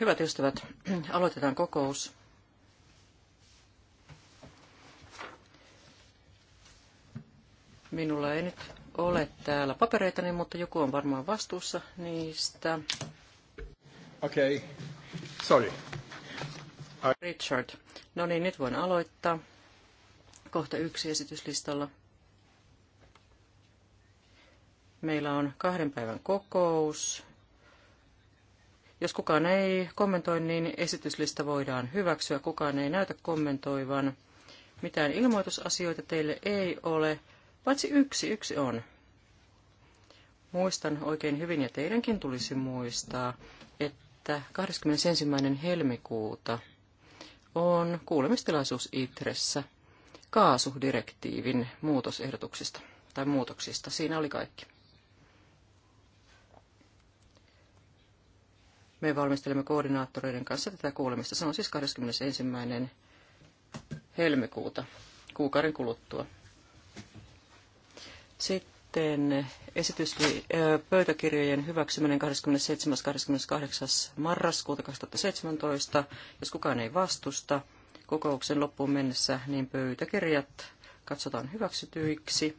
Hyvät ystävät, aloitetaan kokous. Minulla ei nyt ole täällä papereitani, mutta joku on varmaan vastuussa niistä. Okei, okay. sorry. I... Richard. No niin, nyt voin aloittaa. Kohta yksi esityslistalla. Meillä on kahden päivän kokous. Jos kukaan ei kommentoi, niin esityslista voidaan hyväksyä. Kukaan ei näytä kommentoivan. Mitään ilmoitusasioita teille ei ole, paitsi yksi, yksi on. Muistan oikein hyvin, ja teidänkin tulisi muistaa, että 21. helmikuuta on kuulemistilaisuus ITRessä kaasudirektiivin muutosehdotuksista tai muutoksista. Siinä oli kaikki. Me valmistelemme koordinaattoreiden kanssa tätä kuulemista. Se on siis 21. helmikuuta, kuukauden kuluttua. Sitten esitys, pöytäkirjojen hyväksyminen 27.–28. marraskuuta 2017. Jos kukaan ei vastusta kokouksen loppuun mennessä, niin pöytäkirjat katsotaan hyväksytyiksi.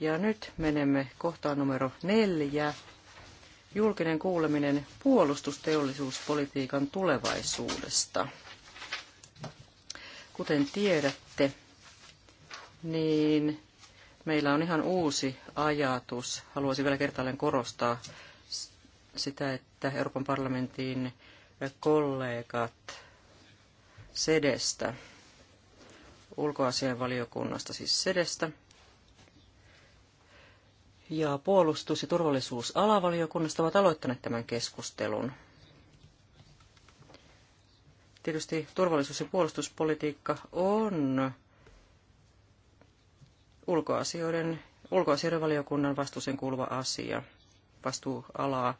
Ja nyt menemme kohtaan numero neljä julkinen kuuleminen puolustusteollisuuspolitiikan tulevaisuudesta. Kuten tiedätte, niin meillä on ihan uusi ajatus. Haluaisin vielä kertaalleen korostaa sitä, että Euroopan parlamentin kollegat sedestä, ulkoasianvaliokunnasta siis sedestä, ja puolustus- ja turvallisuusalavaliokunnasta ovat aloittaneet tämän keskustelun. Tietysti turvallisuus- ja puolustuspolitiikka on ulkoasioiden, ulkoasioiden valiokunnan vastuuseen kuuluva asia, vastuualaa,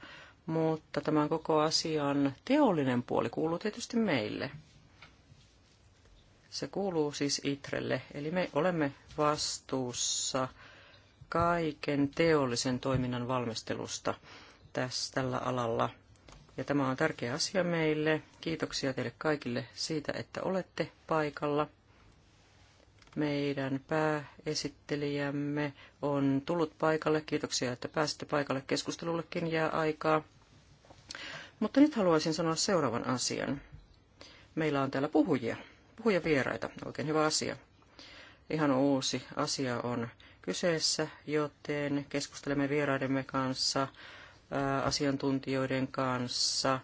mutta tämän koko asian teollinen puoli kuuluu tietysti meille. Se kuuluu siis ITRElle, eli me olemme vastuussa – kaiken teollisen toiminnan valmistelusta tässä, tällä alalla. Ja tämä on tärkeä asia meille. Kiitoksia teille kaikille siitä, että olette paikalla. Meidän pääesittelijämme on tullut paikalle. Kiitoksia, että pääsitte paikalle. Keskustelullekin jää aikaa. Mutta nyt haluaisin sanoa seuraavan asian. Meillä on täällä puhujia, puhujavieraita. Oikein hyvä asia. Ihan uusi asia on kyseessä, joten keskustelemme vieraidemme kanssa, asiantuntijoiden kanssa.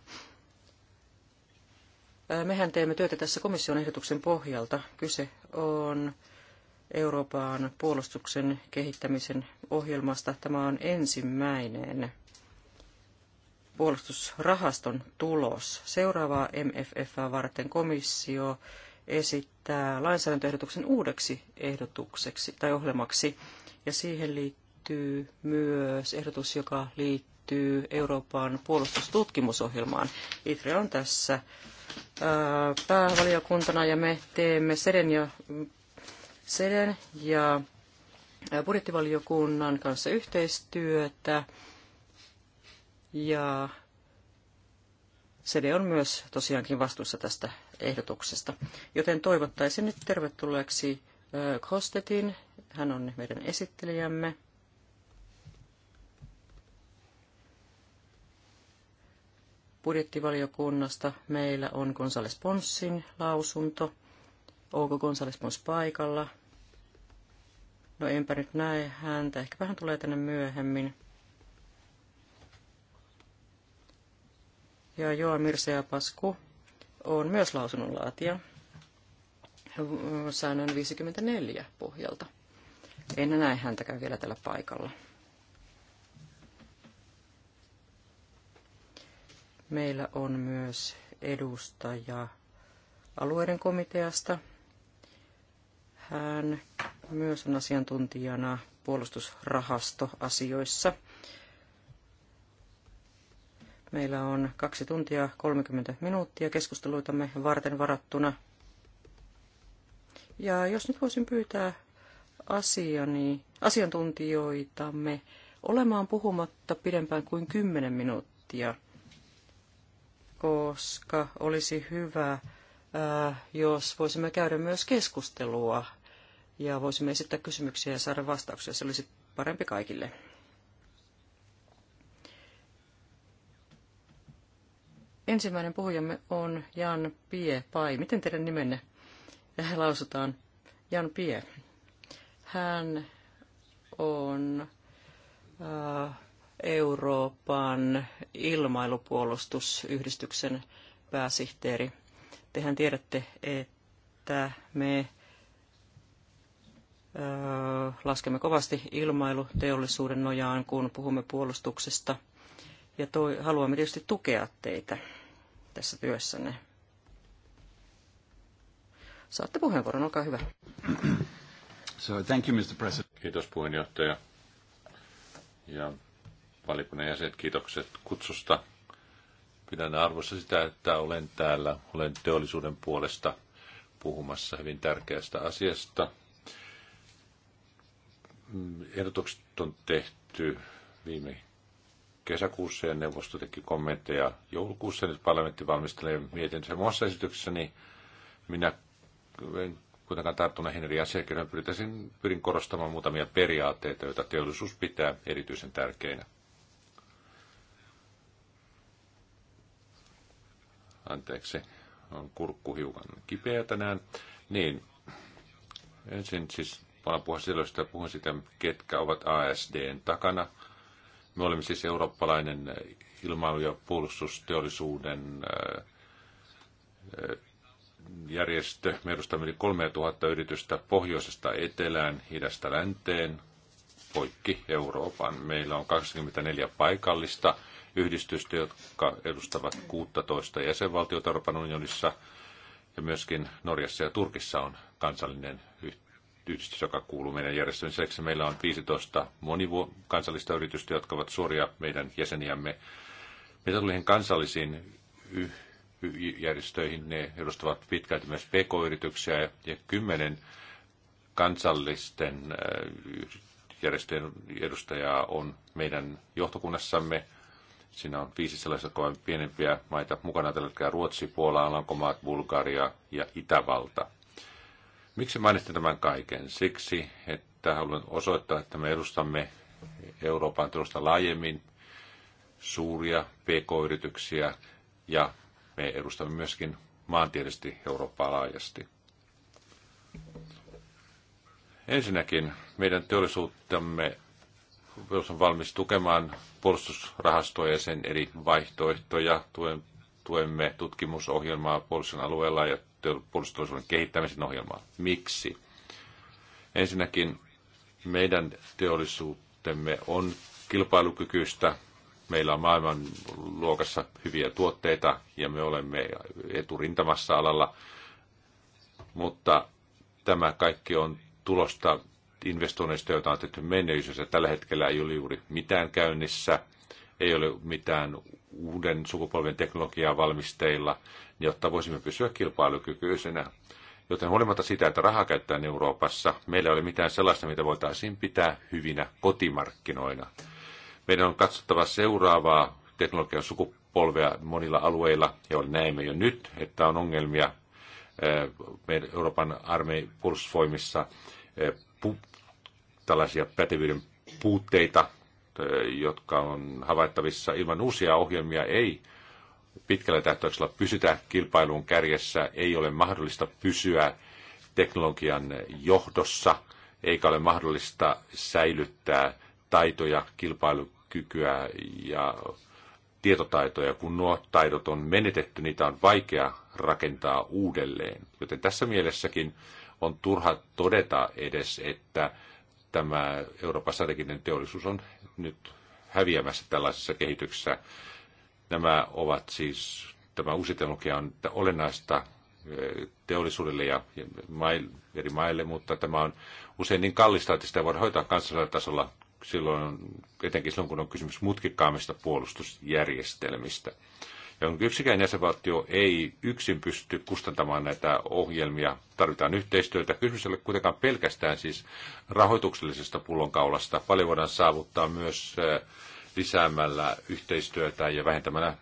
Mehän teemme työtä tässä komission ehdotuksen pohjalta. Kyse on Euroopan puolustuksen kehittämisen ohjelmasta. Tämä on ensimmäinen puolustusrahaston tulos. Seuraavaa MFF varten komissio esittää lainsäädäntöehdotuksen uudeksi ehdotukseksi tai ohjelmaksi. Ja siihen liittyy myös ehdotus, joka liittyy Euroopan puolustustutkimusohjelmaan. ITRE on tässä päävaliokuntana ja me teemme seden ja, seden ja budjettivaliokunnan kanssa yhteistyötä. Ja Sede on myös tosiaankin vastuussa tästä ehdotuksesta. Joten toivottaisin nyt tervetulleeksi Kostetin. Hän on meidän esittelijämme. budjettivaliokunnasta meillä on Gonzales Ponssin lausunto. Onko Gonzales Pons paikalla? No enpä nyt näe häntä. Ehkä vähän tulee tänne myöhemmin. Ja Joa Mirse ja Pasku on myös lausunnonlaatija säännön 54 pohjalta. En näe häntäkään vielä tällä paikalla. Meillä on myös edustaja alueiden komiteasta. Hän myös on asiantuntijana puolustusrahastoasioissa – Meillä on kaksi tuntia 30 minuuttia keskusteluitamme varten varattuna. Ja jos nyt voisin pyytää asiani, asiantuntijoitamme olemaan puhumatta pidempään kuin 10 minuuttia, koska olisi hyvä, äh, jos voisimme käydä myös keskustelua ja voisimme esittää kysymyksiä ja saada vastauksia. Se olisi parempi kaikille. Ensimmäinen puhujamme on Jan Pie Pai. Miten teidän nimenne lausutaan? Jan Pie. Hän on äh, Euroopan ilmailupuolustusyhdistyksen pääsihteeri. Tehän tiedätte, että me äh, laskemme kovasti ilmailuteollisuuden nojaan, kun puhumme puolustuksesta. Ja toi, haluamme tietysti tukea teitä tässä työssänne. Saatte puheenvuoron, olkaa hyvä. So, thank you, Mr. President. Kiitos puheenjohtaja ja valikunnan jäsenet, kiitokset kutsusta. Pidän arvossa sitä, että olen täällä, olen teollisuuden puolesta puhumassa hyvin tärkeästä asiasta. Mm, ehdotukset on tehty viime kesäkuussa ja neuvosto teki kommentteja joulukuussa. Nyt parlamentti valmistelee mietintönsä muassa esityksessäni. Minä en kuitenkaan tarttu näihin eri asiakirjoihin. Pyritäisin, pyrin korostamaan muutamia periaatteita, joita teollisuus pitää erityisen tärkeinä. Anteeksi, on kurkku hiukan kipeä tänään. Niin, ensin siis puhun puhua puhun sitä, ketkä ovat ASDn takana – me olemme siis eurooppalainen ilmailu- ja puolustusteollisuuden äh, äh, järjestö. Me edustamme yli 3000 yritystä pohjoisesta etelään, idästä länteen, poikki Euroopan. Meillä on 24 paikallista yhdistystä, jotka edustavat 16 jäsenvaltiota Euroopan unionissa. Ja myöskin Norjassa ja Turkissa on kansallinen yhdistys, joka kuuluu meidän järjestöön. lisäksi. Meillä on 15 monikansallista yritystä, jotka ovat suoria meidän jäseniämme. Mitä tuli kansallisiin järjestöihin, ne edustavat pitkälti myös pk-yrityksiä ja kymmenen kansallisten äh, järjestöjen edustajaa on meidän johtokunnassamme. Siinä on viisi sellaisia kovin pienempiä maita mukana tällä hetkellä Ruotsi, Puola, Alankomaat, Bulgaria ja Itävalta. Miksi mainitsin tämän kaiken? Siksi, että haluan osoittaa, että me edustamme Euroopan tulosta laajemmin suuria pk-yrityksiä ja me edustamme myöskin maantieteellisesti Eurooppaa laajasti. Ensinnäkin meidän teollisuuttamme jos on valmis tukemaan puolustusrahastoja ja sen eri vaihtoehtoja. Tuemme tutkimusohjelmaa puolustusalueella alueella ja puolustusteollisuuden kehittämisen ohjelmaa. Miksi? Ensinnäkin meidän teollisuutemme on kilpailukykyistä. Meillä on maailman luokassa hyviä tuotteita ja me olemme eturintamassa alalla, mutta tämä kaikki on tulosta investoinneista, joita on tehty menneisyys. Tällä hetkellä ei ole juuri mitään käynnissä, ei ole mitään uuden sukupolven teknologiaa valmisteilla, jotta voisimme pysyä kilpailukykyisenä. Joten huolimatta sitä, että rahaa käyttää Euroopassa, meillä ei ole mitään sellaista, mitä voitaisiin pitää hyvinä kotimarkkinoina. Meidän on katsottava seuraavaa teknologian sukupolvea monilla alueilla, ja näemme jo nyt, että on ongelmia eh, meidän Euroopan armeijan puolustusvoimissa eh, tällaisia pätevyyden puutteita jotka on havaittavissa ilman uusia ohjelmia, ei pitkällä tähtäyksellä pysytä kilpailun kärjessä, ei ole mahdollista pysyä teknologian johdossa, eikä ole mahdollista säilyttää taitoja, kilpailukykyä ja tietotaitoja. Kun nuo taidot on menetetty, niitä on vaikea rakentaa uudelleen. Joten tässä mielessäkin on turha todeta edes, että tämä Euroopan strateginen teollisuus on nyt häviämässä tällaisessa kehityksessä. Nämä ovat siis, tämä uusi teknologia on olennaista eh, teollisuudelle ja eri maille, mutta tämä on usein niin kallista, että sitä voidaan hoitaa kansallisella tasolla silloin, etenkin silloin, kun on kysymys mutkikkaammista puolustusjärjestelmistä. Yksikään jäsenvaltio ei yksin pysty kustantamaan näitä ohjelmia. Tarvitaan yhteistyötä. Kysymys ei ole kuitenkaan pelkästään siis rahoituksellisesta pullonkaulasta. Paljon voidaan saavuttaa myös lisäämällä yhteistyötä ja vähentämällä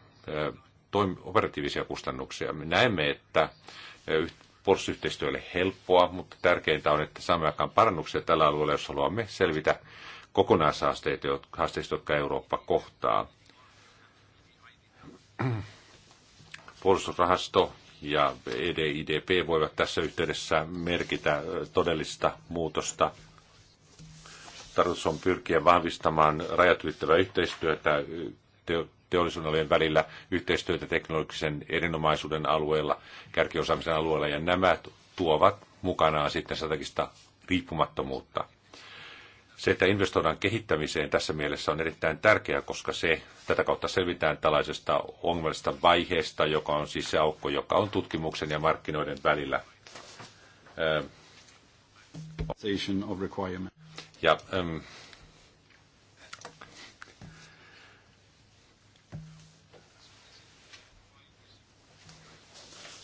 operatiivisia kustannuksia. Me näemme, että puolustusyhteistyö oli helppoa, mutta tärkeintä on, että saamme aikaan parannuksia tällä alueella, jos haluamme selvitä kokonaishaasteista, jotka Eurooppa kohtaa. puolustusrahasto ja EDIDP voivat tässä yhteydessä merkitä todellista muutosta. Tarkoitus on pyrkiä vahvistamaan rajat ylittävää yhteistyötä teollisuuden välillä, yhteistyötä teknologisen erinomaisuuden alueella, kärkiosaamisen alueella, ja nämä tuovat mukanaan sitten strategista riippumattomuutta. Se, että investoidaan kehittämiseen tässä mielessä on erittäin tärkeää, koska se tätä kautta selvitään tällaisesta ongelmallisesta vaiheesta, joka on siis se aukko, joka on tutkimuksen ja markkinoiden välillä. Ja, ähm,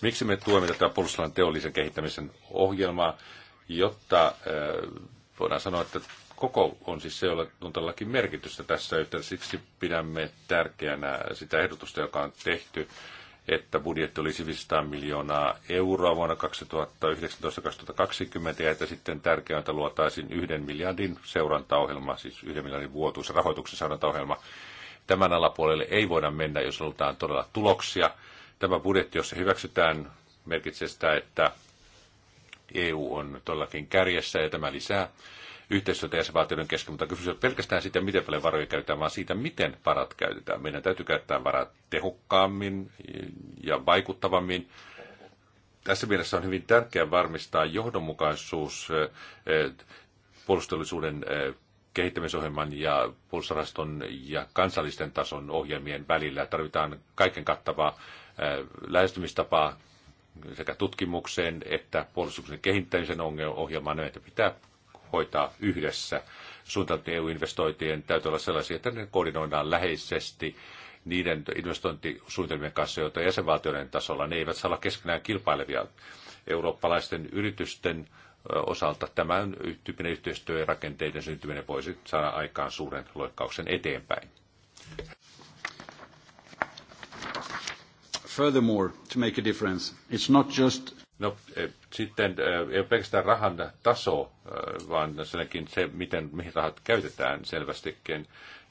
Miksi me tuemme tätä puolustusalan teollisen kehittämisen ohjelmaa, jotta äh, voidaan sanoa, että koko on siis se, jolla on todellakin merkitystä tässä yhteydessä. Siksi pidämme tärkeänä sitä ehdotusta, joka on tehty, että budjetti olisi 500 miljoonaa euroa vuonna 2019-2020 ja että sitten tärkeää, että luotaisiin yhden miljardin seurantaohjelma, siis yhden miljardin vuotuisrahoituksen seurantaohjelma. Tämän alapuolelle ei voida mennä, jos halutaan todella tuloksia. Tämä budjetti, jos se hyväksytään, merkitsee sitä, että EU on todellakin kärjessä ja tämä lisää yhteistyötä jäsenvaltioiden kesken, mutta kysymys on pelkästään siitä, miten paljon varoja käytetään, vaan siitä, miten varat käytetään. Meidän täytyy käyttää varat tehokkaammin ja vaikuttavammin. Tässä mielessä on hyvin tärkeää varmistaa johdonmukaisuus eh, eh, puolustollisuuden eh, kehittämisohjelman ja puolustusrahaston ja kansallisten tason ohjelmien välillä. Tarvitaan kaiken kattavaa lähestymistapaa sekä tutkimukseen että puolustuksen kehittämisen ohjelmaan, että pitää hoitaa yhdessä. Suunnitelmat EU-investointien täytyy olla sellaisia, että ne koordinoidaan läheisesti niiden investointisuunnitelmien kanssa, joita jäsenvaltioiden tasolla ne eivät saa olla keskenään kilpailevia eurooppalaisten yritysten osalta. Tämän tyyppinen yhteistyö ja rakenteiden syntyminen voisi saada aikaan suuren loikkauksen eteenpäin. Furthermore, to make a difference, it's not just No e, sitten e, ei ole pelkästään rahan taso, e, vaan selläkin se, miten, mihin rahat käytetään selvästikin.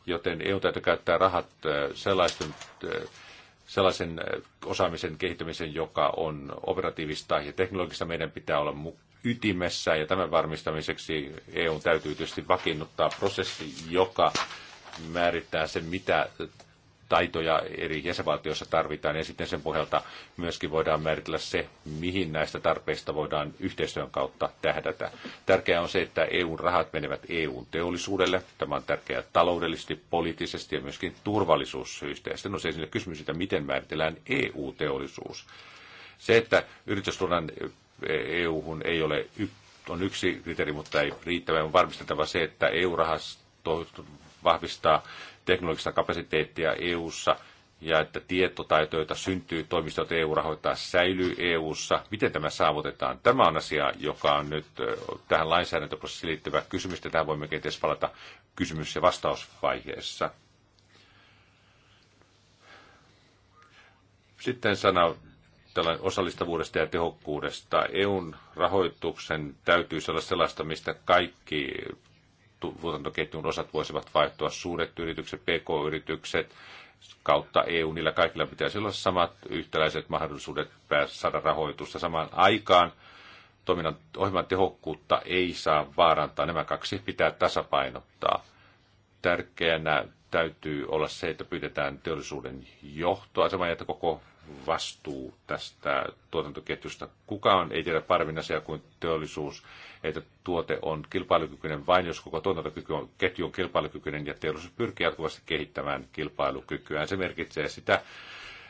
Joten EU täytyy käyttää rahat sellaisten, sellaisen osaamisen kehittämisen, joka on operatiivista ja teknologista. Meidän pitää olla ytimessä ja tämän varmistamiseksi EU täytyy tietysti vakiinnuttaa prosessi, joka määrittää sen, mitä taitoja eri jäsenvaltioissa tarvitaan, ja sitten sen pohjalta myöskin voidaan määritellä se, mihin näistä tarpeista voidaan yhteistyön kautta tähdätä. Tärkeää on se, että EUn rahat menevät EUn teollisuudelle. Tämä on tärkeää taloudellisesti, poliittisesti ja myöskin turvallisuussyistä. Ja sitten on se esille kysymys, että miten määritellään EU-teollisuus. Se, että yritysluonnan EU-hun ei ole on yksi kriteeri, mutta ei riittävä. On varmistettava se, että EU-rahasto vahvistaa teknologista kapasiteettia EU:ssa ja että tietotaito, joita syntyy toimistot EU rahoittaa, säilyy EU:ssa. Miten tämä saavutetaan? Tämä on asia, joka on nyt tähän lainsäädäntöprosessiin liittyvä kysymys. Tähän voimme kenties palata kysymys- ja vastausvaiheessa. Sitten sana tällainen osallistavuudesta ja tehokkuudesta. EUn rahoituksen täytyy olla sellaista, mistä kaikki tuotantoketjun osat voisivat vaihtua, suuret yritykset, pk-yritykset, kautta EU, niillä kaikilla pitäisi olla samat yhtäläiset mahdollisuudet päästä saada rahoitusta samaan aikaan. Toiminnan ohjelman tehokkuutta ei saa vaarantaa, nämä kaksi pitää tasapainottaa. Tärkeänä täytyy olla se, että pyydetään teollisuuden johtoasemaa, että koko vastuu tästä tuotantoketjusta. Kukaan ei tiedä paremmin asiaa kuin teollisuus, että tuote on kilpailukykyinen vain, jos koko tuotantoketju on kilpailukykyinen ja teollisuus pyrkii jatkuvasti kehittämään kilpailukykyään. Se merkitsee sitä,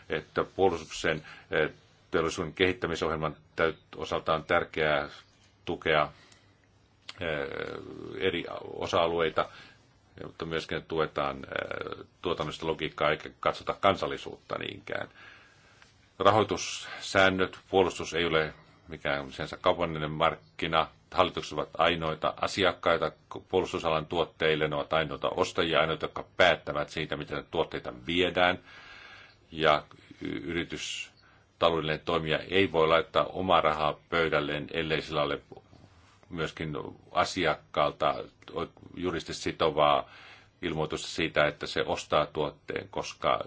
että puolustuksen eh, teollisuuden kehittämisohjelman osaltaan tärkeää tukea eh, eri osa-alueita, mutta myöskin tuetaan eh, tuotannollista logiikkaa eikä katsota kansallisuutta niinkään rahoitussäännöt, puolustus ei ole mikään sinänsä kaupallinen markkina. Hallitukset ovat ainoita asiakkaita puolustusalan tuotteille, ne ovat ainoita ostajia, ainoita, jotka päättävät siitä, miten tuotteita viedään. Ja yritys, taloudellinen toimija ei voi laittaa omaa rahaa pöydälleen, ellei sillä ole myöskin asiakkaalta juristi sitovaa ilmoitusta siitä, että se ostaa tuotteen, koska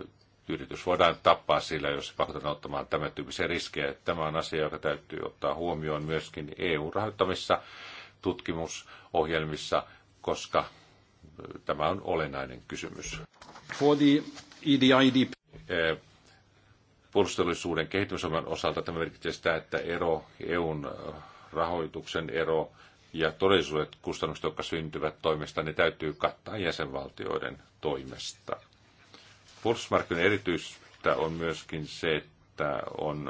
yritys voidaan tappaa sillä, jos pakotetaan ottamaan tämän tyyppisiä riskejä. Tämä on asia, joka täytyy ottaa huomioon myöskin EU-rahoittamissa tutkimusohjelmissa, koska tämä on olennainen kysymys. For the EDID. E, puolustusteollisuuden kehittämisohjelman osalta tämä merkitsee sitä, että ero EUn rahoituksen ero ja todellisuudet kustannukset, jotka syntyvät toimesta, ne täytyy kattaa jäsenvaltioiden toimesta. Puolustusmarkkinoiden erityistä on myöskin se, että on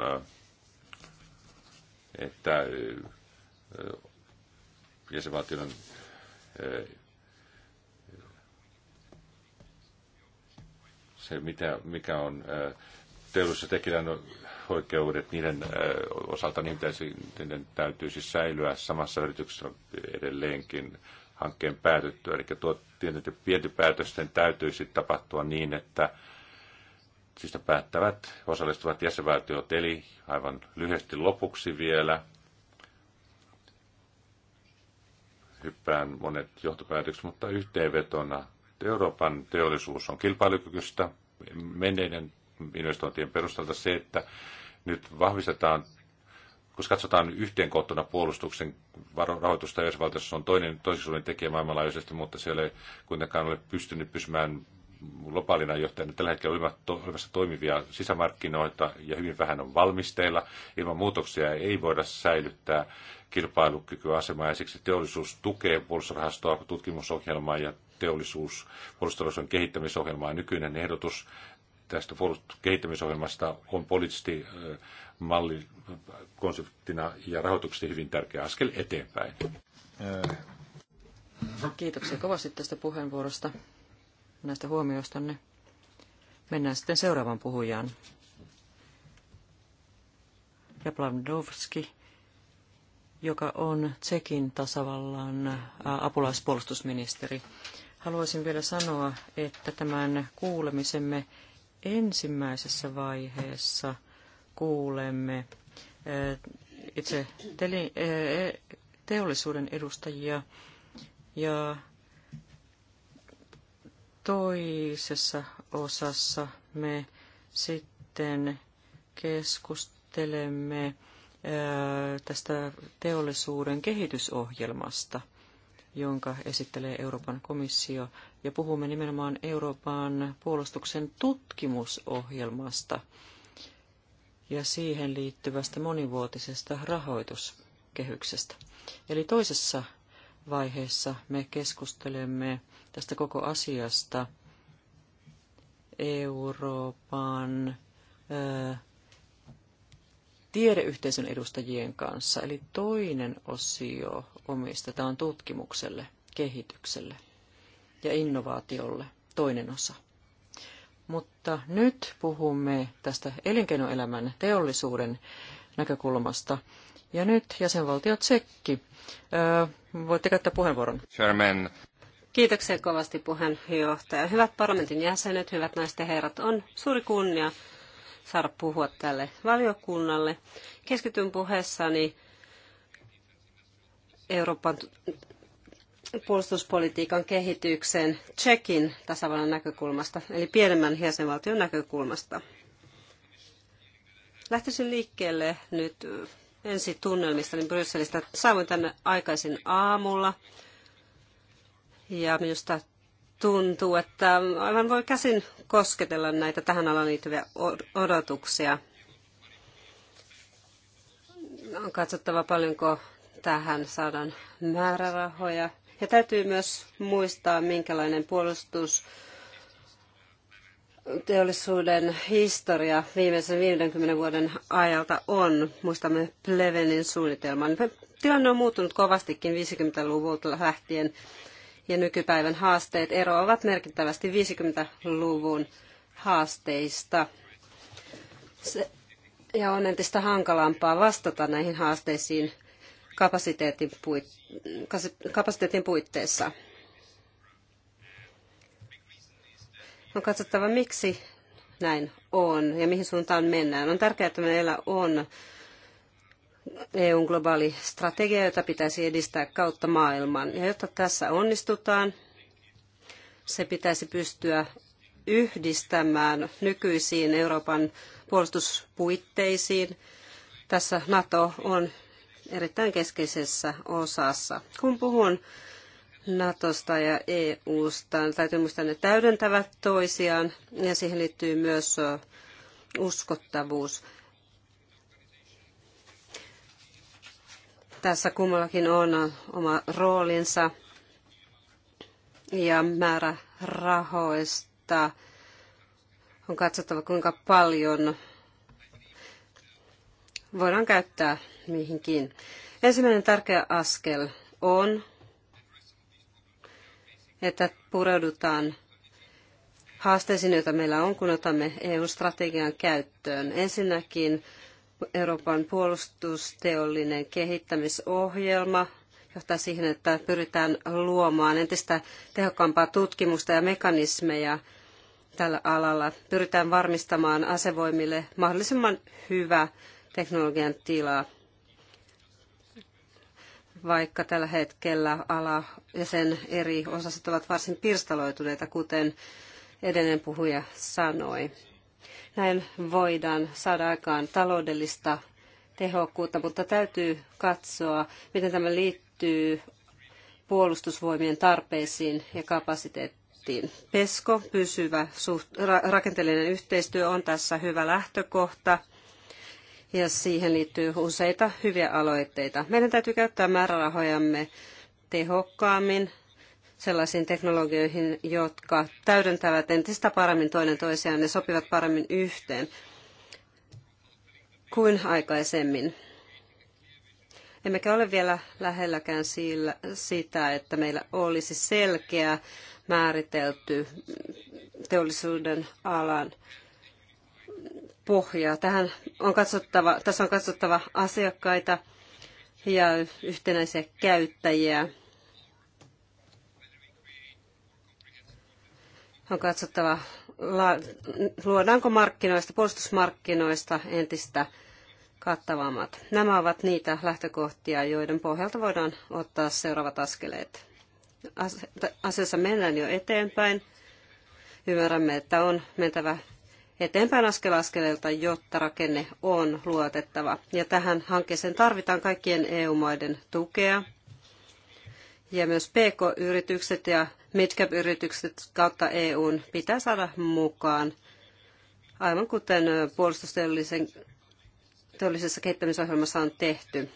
että jäsenvaltion se, mitä, mikä on teollisuus- ja oikeudet, niiden osalta niiden täytyy, niiden täytyy siis säilyä samassa yrityksessä edelleenkin hankkeen päätyttyä. Eli tuo vientipäätösten täytyisi tapahtua niin, että siitä päättävät osallistuvat jäsenvaltiot. Eli aivan lyhyesti lopuksi vielä hyppään monet johtopäätökset, mutta yhteenvetona Euroopan teollisuus on kilpailukykyistä. Menneiden investointien perustalta se, että nyt vahvistetaan jos katsotaan yhteenkoottuna puolustuksen rahoitusta Yhdysvaltoissa, on toinen toisisuuden tekijä maailmanlaajuisesti, mutta siellä ei kuitenkaan ole pystynyt pysymään globaalina johtajana tällä hetkellä on olemassa toimivia sisämarkkinoita ja hyvin vähän on valmisteilla. Ilman muutoksia ei voida säilyttää kilpailukykyasemaa ja siksi teollisuus tukee puolustusrahastoa tutkimusohjelmaa ja teollisuus puolustusrahaston kehittämisohjelmaa. Nykyinen ehdotus tästä kehittämisohjelmasta on poliittisesti malli konseptina ja rahoituksesta hyvin tärkeä askel eteenpäin. Kiitoksia kovasti tästä puheenvuorosta, näistä huomioistanne. Mennään sitten seuraavan puhujaan. Japlavdovski, joka on Tsekin tasavallan apulaispuolustusministeri. Haluaisin vielä sanoa, että tämän kuulemisemme Ensimmäisessä vaiheessa kuulemme eh, itse eh, teollisuuden edustajia ja toisessa osassa me sitten keskustelemme eh, tästä teollisuuden kehitysohjelmasta – jonka esittelee Euroopan komissio, ja puhumme nimenomaan Euroopan puolustuksen tutkimusohjelmasta ja siihen liittyvästä monivuotisesta rahoituskehyksestä. Eli toisessa vaiheessa me keskustelemme tästä koko asiasta Euroopan ää, tiedeyhteisön edustajien kanssa. Eli toinen osio omistetaan tutkimukselle, kehitykselle ja innovaatiolle, toinen osa. Mutta nyt puhumme tästä elinkeinoelämän teollisuuden näkökulmasta. Ja nyt jäsenvaltio Tsekki. Öö, voitte käyttää puheenvuoron. Chairman. Kiitoksia kovasti puheenjohtaja. Hyvät parlamentin jäsenet, hyvät naisten herrat, on suuri kunnia saada puhua tälle valiokunnalle. Keskityn puheessani Euroopan puolustuspolitiikan kehitykseen Tsekin tasavallan näkökulmasta, eli pienemmän jäsenvaltion näkökulmasta. Lähtisin liikkeelle nyt ensi tunnelmista niin Brysselistä. Saavuin tänne aikaisin aamulla ja minusta tuntuu, että aivan voi käsin kosketella näitä tähän alaan liittyviä odotuksia. On katsottava paljonko tähän saadaan määrärahoja. Ja täytyy myös muistaa, minkälainen puolustus teollisuuden historia viimeisen 50 vuoden ajalta on. Muistamme Plevenin suunnitelman. Tilanne on muuttunut kovastikin 50-luvulta lähtien ja nykypäivän haasteet eroavat merkittävästi 50-luvun haasteista. Se, ja on entistä hankalampaa vastata näihin haasteisiin kapasiteetin, puit, kapasiteetin puitteissa. On katsottava, miksi näin on ja mihin suuntaan mennään. On tärkeää, että meillä on EUn globaali strategia, jota pitäisi edistää kautta maailman. Ja jotta tässä onnistutaan, se pitäisi pystyä yhdistämään nykyisiin Euroopan puolustuspuitteisiin. Tässä NATO on erittäin keskeisessä osassa. Kun puhun Natosta ja EUsta, niin täytyy muistaa, ne täydentävät toisiaan ja siihen liittyy myös uskottavuus. Tässä kummallakin on oma roolinsa ja määrä rahoista. On katsottava, kuinka paljon voidaan käyttää mihinkin. Ensimmäinen tärkeä askel on, että pureudutaan haasteisiin, joita meillä on, kun otamme EU-strategian käyttöön. Ensinnäkin Euroopan puolustusteollinen kehittämisohjelma johtaa siihen, että pyritään luomaan entistä tehokkaampaa tutkimusta ja mekanismeja tällä alalla. Pyritään varmistamaan asevoimille mahdollisimman hyvä teknologian tila, vaikka tällä hetkellä ala ja sen eri osaset ovat varsin pirstaloituneita, kuten edellinen puhuja sanoi. Näin voidaan saada aikaan taloudellista tehokkuutta, mutta täytyy katsoa, miten tämä liittyy puolustusvoimien tarpeisiin ja kapasiteettiin. PESCO, pysyvä suht, ra- rakenteellinen yhteistyö, on tässä hyvä lähtökohta ja siihen liittyy useita hyviä aloitteita. Meidän täytyy käyttää määrärahojamme tehokkaammin sellaisiin teknologioihin, jotka täydentävät entistä paremmin toinen toisiaan ja sopivat paremmin yhteen kuin aikaisemmin. Emmekä ole vielä lähelläkään sillä, sitä, että meillä olisi selkeä määritelty teollisuuden alan pohja. Tähän on katsottava, tässä on katsottava asiakkaita ja yhtenäisiä käyttäjiä On katsottava, luodaanko markkinoista, puolustusmarkkinoista entistä kattavammat. Nämä ovat niitä lähtökohtia, joiden pohjalta voidaan ottaa seuraavat askeleet. Asiassa mennään jo eteenpäin. Ymmärrämme, että on mentävä eteenpäin askel askeleelta, jotta rakenne on luotettava. Ja tähän hankkeeseen tarvitaan kaikkien EU-maiden tukea ja myös PK-yritykset ja midcap-yritykset kautta EUn pitää saada mukaan, aivan kuten puolustusteollisessa kehittämisohjelmassa on tehty.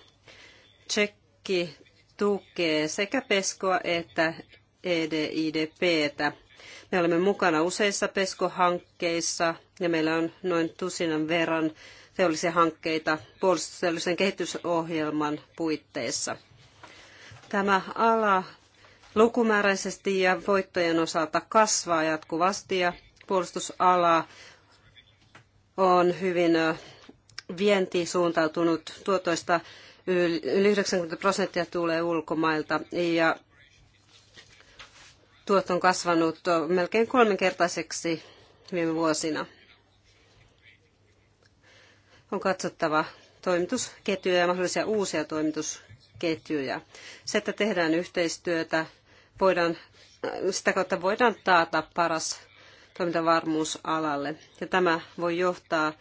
Tsekki tukee sekä PESKOa että EDIDPtä. Me olemme mukana useissa PESKO-hankkeissa ja meillä on noin tusinan verran teollisia hankkeita puolustusteollisen kehitysohjelman puitteissa. Tämä ala lukumääräisesti ja voittojen osalta kasvaa jatkuvasti ja puolustusala on hyvin vientisuuntautunut suuntautunut. Tuotoista yli 90 prosenttia tulee ulkomailta ja tuot on kasvanut melkein kolminkertaiseksi viime vuosina. On katsottava toimitusketjuja ja mahdollisia uusia toimitus ketjuja. Se, että tehdään yhteistyötä, voidaan, sitä kautta voidaan taata paras toimintavarmuus alalle. Ja tämä voi johtaa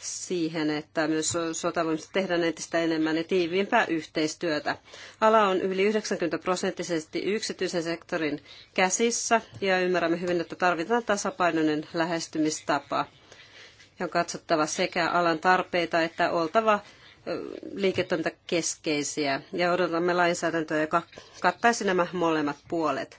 siihen, että myös sotavoimissa tehdään entistä enemmän ja tiiviimpää yhteistyötä. Ala on yli 90 prosenttisesti yksityisen sektorin käsissä ja ymmärrämme hyvin, että tarvitaan tasapainoinen lähestymistapa. Ja on katsottava sekä alan tarpeita että oltava liiketoimintakeskeisiä ja odotamme lainsäädäntöä, joka kattaisi nämä molemmat puolet.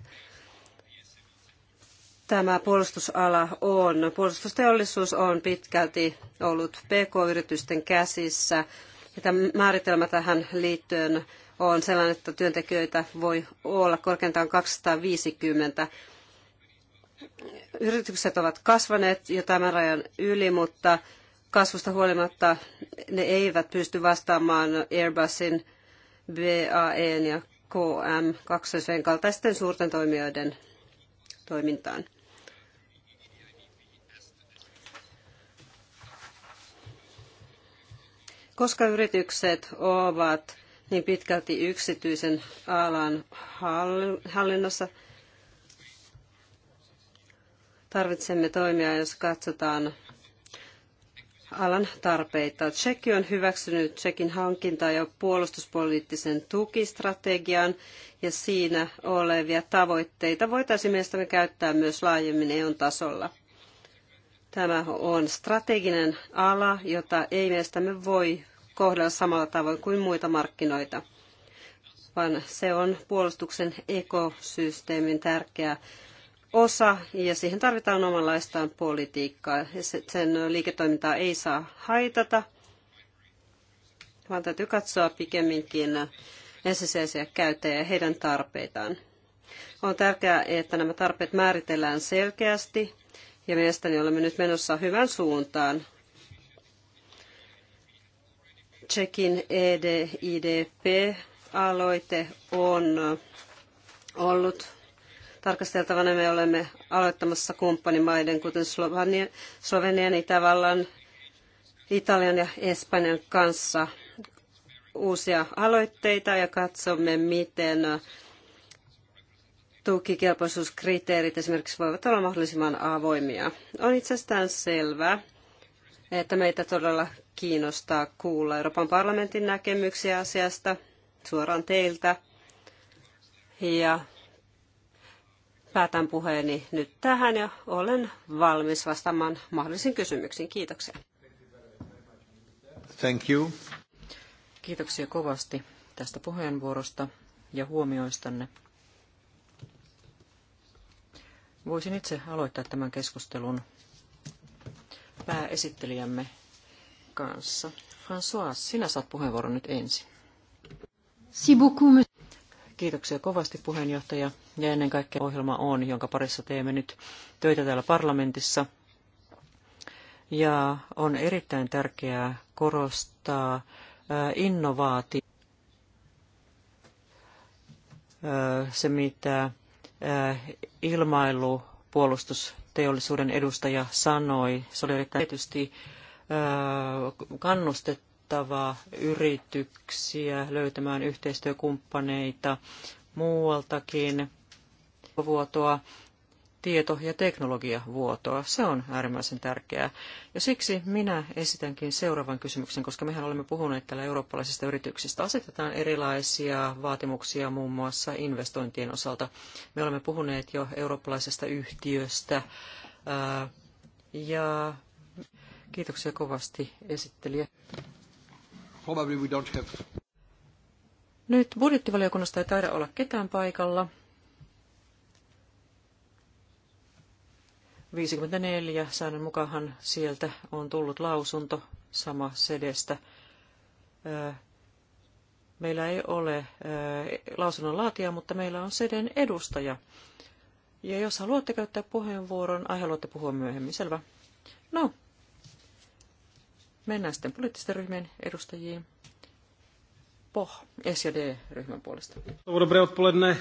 Tämä puolustusala on, puolustusteollisuus on pitkälti ollut PK-yritysten käsissä. Ja tämä määritelmä tähän liittyen on sellainen, että työntekijöitä voi olla korkeintaan 250 yritykset ovat kasvaneet jo tämän rajan yli, mutta kasvusta huolimatta ne eivät pysty vastaamaan Airbusin, BAEn ja KM 2 kaltaisten suurten toimijoiden toimintaan. Koska yritykset ovat niin pitkälti yksityisen alan hallinnassa, tarvitsemme toimia, jos katsotaan alan tarpeita. Tsekki on hyväksynyt Tsekin hankinta- ja puolustuspoliittisen tukistrategian ja siinä olevia tavoitteita voitaisiin mielestäni käyttää myös laajemmin EUn tasolla. Tämä on strateginen ala, jota ei mielestämme voi kohdella samalla tavoin kuin muita markkinoita, vaan se on puolustuksen ekosysteemin tärkeä osa ja siihen tarvitaan omanlaistaan politiikkaa. Sen liiketoimintaa ei saa haitata, vaan täytyy katsoa pikemminkin ensisijaisia käyttäjiä ja heidän tarpeitaan. On tärkeää, että nämä tarpeet määritellään selkeästi ja mielestäni olemme nyt menossa hyvän suuntaan. Tsekin EDIDP-aloite on ollut tarkasteltavana. Me olemme aloittamassa kumppanimaiden, kuten Slovenian, Itävallan, Italian ja Espanjan kanssa uusia aloitteita ja katsomme, miten tukikelpoisuuskriteerit esimerkiksi voivat olla mahdollisimman avoimia. On itsestään selvää, että meitä todella kiinnostaa kuulla Euroopan parlamentin näkemyksiä asiasta suoraan teiltä. Ja Päätän puheeni nyt tähän ja olen valmis vastaamaan mahdollisiin kysymyksiin. Kiitoksia. Thank you. Kiitoksia kovasti tästä puheenvuorosta ja huomioistanne. Voisin itse aloittaa tämän keskustelun pääesittelijämme kanssa. François, sinä saat puheenvuoron nyt ensin. Kiitoksia kovasti puheenjohtaja ja ennen kaikkea ohjelma on, jonka parissa teemme nyt töitä täällä parlamentissa. Ja on erittäin tärkeää korostaa äh, innovaati. Äh, se, mitä äh, ilmailupuolustusteollisuuden edustaja sanoi, se oli erittäin tietysti kannustettu autettava yrityksiä löytämään yhteistyökumppaneita muualtakin vuotoa, tieto- ja teknologiavuotoa. Se on äärimmäisen tärkeää. Ja siksi minä esitänkin seuraavan kysymyksen, koska mehän olemme puhuneet täällä eurooppalaisista yrityksistä. Asetetaan erilaisia vaatimuksia muun muassa investointien osalta. Me olemme puhuneet jo eurooppalaisesta yhtiöstä. ja kiitoksia kovasti esittelijä. Probably we don't have... Nyt budjettivaliokunnasta ei taida olla ketään paikalla. 54 säännön mukahan sieltä on tullut lausunto sama sedestä. Meillä ei ole lausunnon laatijaa, mutta meillä on seden edustaja. Ja jos haluatte käyttää puheenvuoron, ai haluatte puhua myöhemmin, selvä. No, Mennään sitten poliittisten ryhmien edustajiin. Poh, SD-ryhmän puolesta. Dobré odpoledne, eh,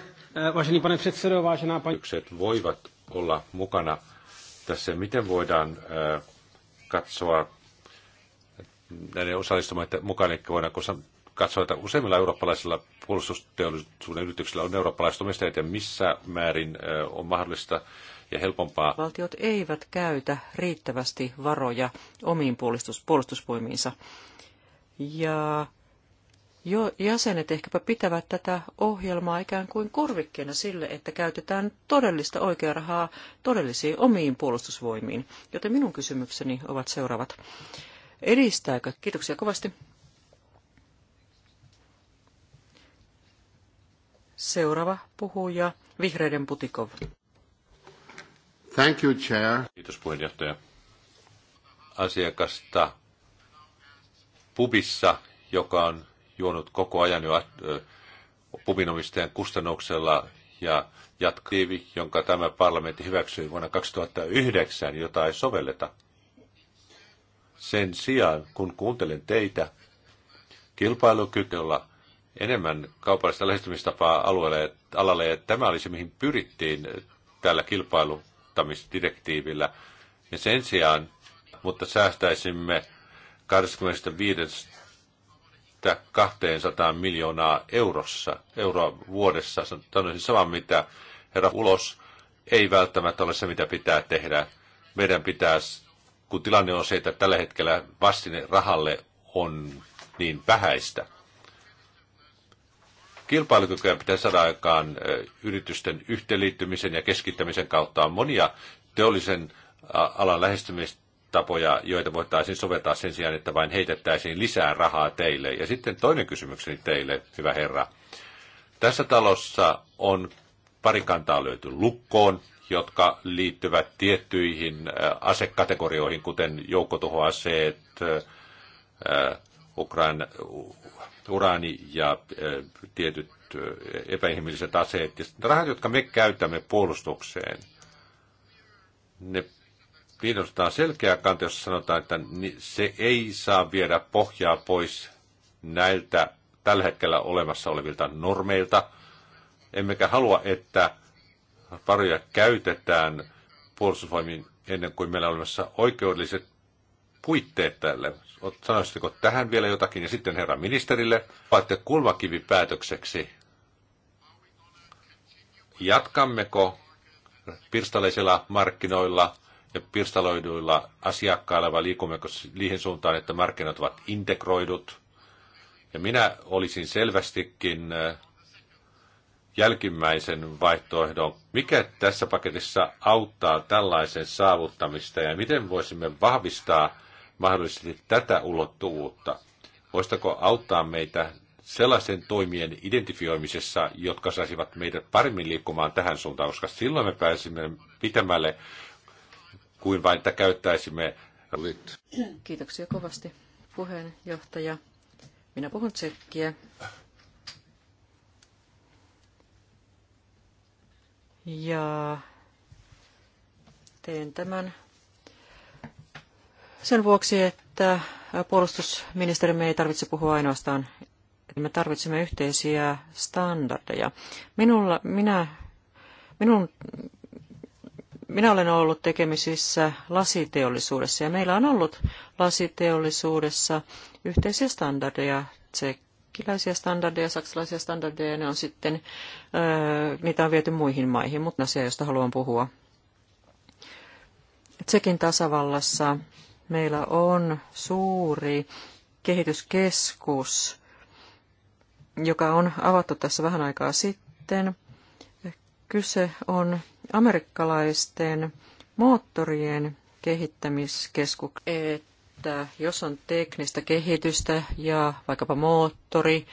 vážený pane předsedo, vážená paní... voivat olla mukana tässä, miten voidaan eh, katsoa näiden osallistumaiden mukaan, eli voidaanko katsoa, että useimmilla eurooppalaisilla puolustusteollisuuden yrityksillä on eurooppalaiset omistajat ja missä määrin eh, on mahdollista ja helpompaa. Valtiot eivät käytä riittävästi varoja omiin puolustus, puolustusvoimiinsa. Ja jo jäsenet ehkäpä pitävät tätä ohjelmaa ikään kuin korvikkeena sille, että käytetään todellista oikeaa rahaa todellisiin omiin puolustusvoimiin. Joten minun kysymykseni ovat seuraavat. Edistääkö? Kiitoksia kovasti. Seuraava puhuja, Vihreiden Putikov. Thank you, Chair. Kiitos puheenjohtaja. Asiakasta pubissa, joka on juonut koko ajan jo äh, pubinomistajan kustannuksella ja jatkiivi, jonka tämä parlamentti hyväksyi vuonna 2009, jota ei sovelleta. Sen sijaan, kun kuuntelen teitä, kilpailukyky olla enemmän kaupallista lähestymistapaa alueelle, alalle, ja tämä oli se, mihin pyrittiin äh, tällä kilpailu ottamisdirektiivillä Ja sen sijaan, mutta säästäisimme 25 200 miljoonaa eurossa, euroa vuodessa. Sanoisin saman, mitä herra ulos ei välttämättä ole se, mitä pitää tehdä. Meidän pitää, kun tilanne on se, että tällä hetkellä vastine rahalle on niin vähäistä. Kilpailukykyä pitää saada aikaan yritysten yhteenliittymisen ja keskittämisen kautta on monia teollisen alan lähestymistapoja, joita voitaisiin soveltaa sen sijaan, että vain heitettäisiin lisää rahaa teille. Ja sitten toinen kysymykseni teille, hyvä herra. Tässä talossa on pari kantaa löyty lukkoon, jotka liittyvät tiettyihin asekategorioihin, kuten joukkotuhoaseet, Ukraina, uraani ja e, tietyt e, epäinhimilliset aseet. Ja rahat, jotka me käytämme puolustukseen, ne piirustetaan selkeä kanta, jossa sanotaan, että se ei saa viedä pohjaa pois näiltä tällä hetkellä olemassa olevilta normeilta. Emmekä halua, että varoja käytetään puolustusvoimin ennen kuin meillä on olemassa oikeudelliset puitteet tälle? Sanoisitteko tähän vielä jotakin ja sitten herra ministerille, vaatte päätökseksi Jatkammeko pirstaleisilla markkinoilla ja pirstaloiduilla asiakkailla vai liikummeko siihen suuntaan, että markkinat ovat integroidut? Ja minä olisin selvästikin äh, jälkimmäisen vaihtoehdon. Mikä tässä paketissa auttaa tällaisen saavuttamista ja miten voisimme vahvistaa mahdollisesti tätä ulottuvuutta? Voisitko auttaa meitä sellaisten toimien identifioimisessa, jotka saisivat meidät paremmin liikkumaan tähän suuntaan, koska silloin me pääsimme pitämälle kuin vain, että käyttäisimme... Kiitoksia kovasti puheenjohtaja. Minä puhun tsekkiä. Ja teen tämän sen vuoksi, että puolustusministerimme ei tarvitse puhua ainoastaan, me tarvitsemme yhteisiä standardeja. Minulla, minä, minun, minä olen ollut tekemisissä lasiteollisuudessa ja meillä on ollut lasiteollisuudessa yhteisiä standardeja tsekkiläisiä standardeja, saksalaisia standardeja, ja ne on sitten, niitä on viety muihin maihin, mutta asia, josta haluan puhua. Tsekin tasavallassa meillä on suuri kehityskeskus, joka on avattu tässä vähän aikaa sitten. Kyse on amerikkalaisten moottorien kehittämiskeskuksesta, että jos on teknistä kehitystä ja vaikkapa moottori,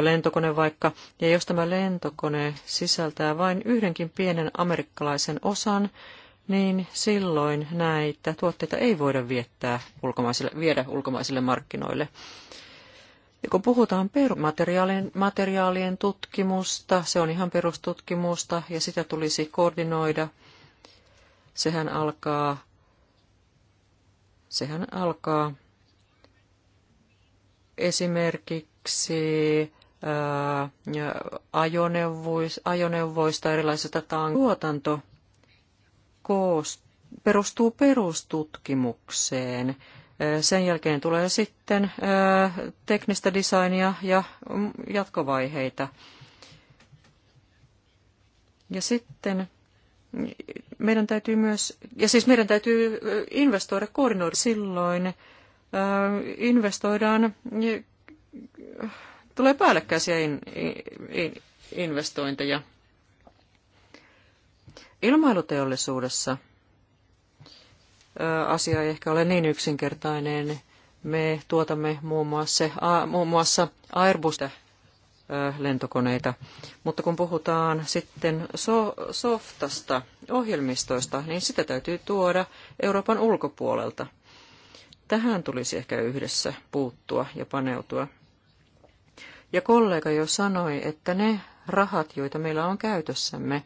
lentokone vaikka, ja jos tämä lentokone sisältää vain yhdenkin pienen amerikkalaisen osan, niin silloin näitä tuotteita ei voida viettää ulkomaisille, viedä ulkomaisille markkinoille. Ja kun puhutaan materiaalien, materiaalien tutkimusta, se on ihan perustutkimusta ja sitä tulisi koordinoida. Sehän alkaa, sehän alkaa esimerkiksi ää, ajoneuvoista, ajoneuvoista erilaisista tankotuotanto. Tuotanto perustuu perustutkimukseen. Sen jälkeen tulee sitten teknistä designia ja mm, jatkovaiheita. Ja sitten mm, meidän täytyy myös, ja siis meidän täytyy investoida koordinoida silloin, investoidaan, mm, tulee päällekkäisiä investointeja. Ilmailuteollisuudessa asia ei ehkä ole niin yksinkertainen. Me tuotamme muun muassa, muun muassa Airbus lentokoneita. Mutta kun puhutaan sitten so- softasta, ohjelmistoista, niin sitä täytyy tuoda Euroopan ulkopuolelta. Tähän tulisi ehkä yhdessä puuttua ja paneutua. Ja kollega jo sanoi, että ne rahat, joita meillä on käytössämme,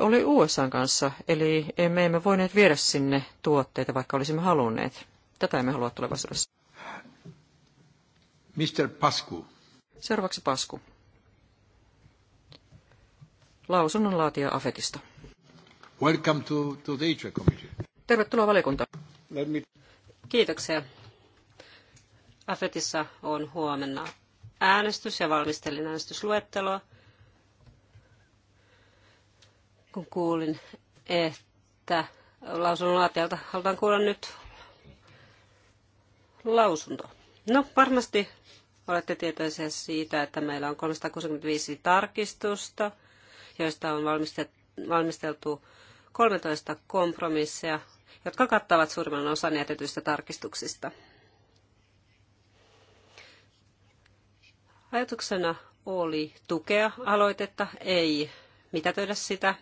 oli USAn kanssa, eli me emme voineet viedä sinne tuotteita, vaikka olisimme halunneet. Tätä emme halua tulevaisuudessa. Mr. Pasku. Seuraavaksi Pasku. Lausunnon laatija Afetista. Welcome to, to the ITRE committee. Tervetuloa valiokuntaan. Me... Kiitoksia. Afetissa on huomenna äänestys ja valmistelin äänestysluetteloa kun kuulin, että lausunnonlaatijalta halutaan kuulla nyt lausunto. No, varmasti olette tietoisia siitä, että meillä on 365 tarkistusta, joista on valmisteltu 13 kompromisseja, jotka kattavat suurimman osan jätetyistä tarkistuksista. Ajatuksena oli tukea aloitetta, ei mitätöidä sitä.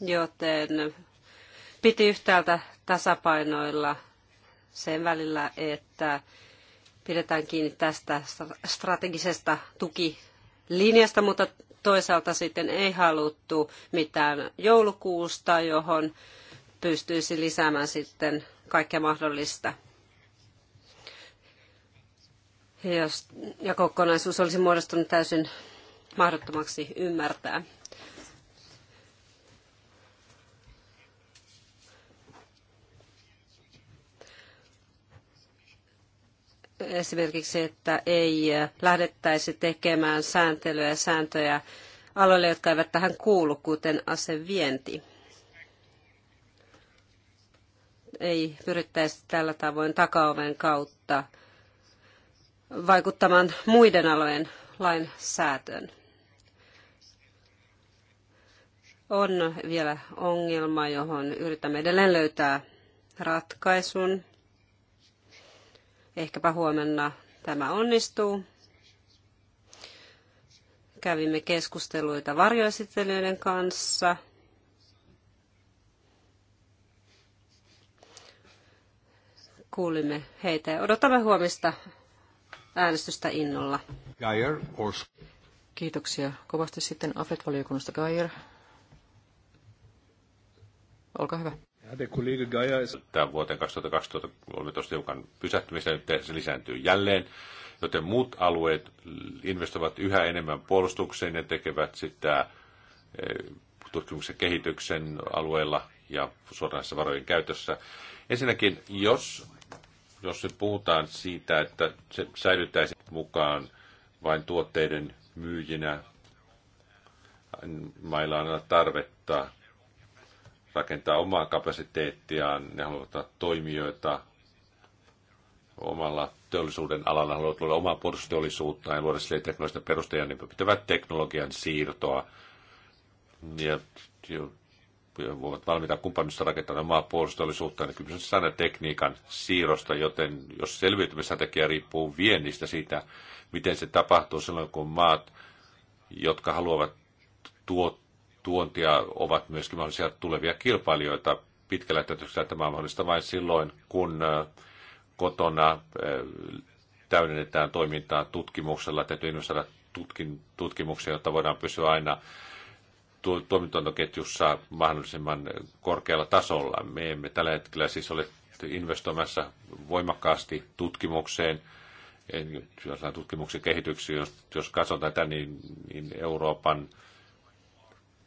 Joten piti yhtäältä tasapainoilla sen välillä, että pidetään kiinni tästä strategisesta tukilinjasta, mutta toisaalta sitten ei haluttu mitään joulukuusta, johon pystyisi lisäämään sitten kaikkea mahdollista. ja kokonaisuus olisi muodostunut täysin mahdottomaksi ymmärtää. Esimerkiksi, että ei lähdettäisi tekemään sääntelyä ja sääntöjä aloille, jotka eivät tähän kuulu, kuten asevienti. Ei pyrittäisi tällä tavoin takaoven kautta vaikuttamaan muiden alojen lainsäätön. on vielä ongelma, johon yritämme edelleen löytää ratkaisun. Ehkäpä huomenna tämä onnistuu. Kävimme keskusteluita varjoesittelyiden kanssa. Kuulimme heitä ja odotamme huomista äänestystä innolla. Geyer, Kiitoksia kovasti sitten AFET-valiokunnasta Geyer. Olkaa hyvä. Tämä vuoteen 2013 hiukan pysähtymistä nyt se lisääntyy jälleen, joten muut alueet investoivat yhä enemmän puolustukseen ja tekevät sitä e, tutkimuksen kehityksen alueella ja suoranaisessa varojen käytössä. Ensinnäkin, jos, jos nyt puhutaan siitä, että se säilyttäisi mukaan vain tuotteiden myyjinä, mailla on tarvetta rakentaa omaa kapasiteettiaan, ne haluavat ottaa toimijoita omalla teollisuuden alalla, haluavat luoda omaa puolustusteollisuutta ja luoda sille teknologista perustajaa, niin pitävät teknologian siirtoa ja, ja, voivat valmiita kumppanusta rakentamaan omaa puolustusteollisuutta, niin kyllä se aina tekniikan siirrosta, joten jos selviytymisstrategia riippuu viennistä siitä, miten se tapahtuu silloin, kun maat, jotka haluavat tuottaa tuontia ovat myöskin mahdollisia tulevia kilpailijoita. Pitkällä tähtäyksellä tämä on mahdollista vain silloin, kun kotona täydennetään toimintaa tutkimuksella, täytyy investoida tutkin, tutkimuksia, jotta voidaan pysyä aina toimintantoketjussa mahdollisimman korkealla tasolla. Me emme tällä hetkellä siis ole investoimassa voimakkaasti tutkimukseen, jos tutkimuksen kehityksiä, jos, jos katsotaan tätä, niin, niin Euroopan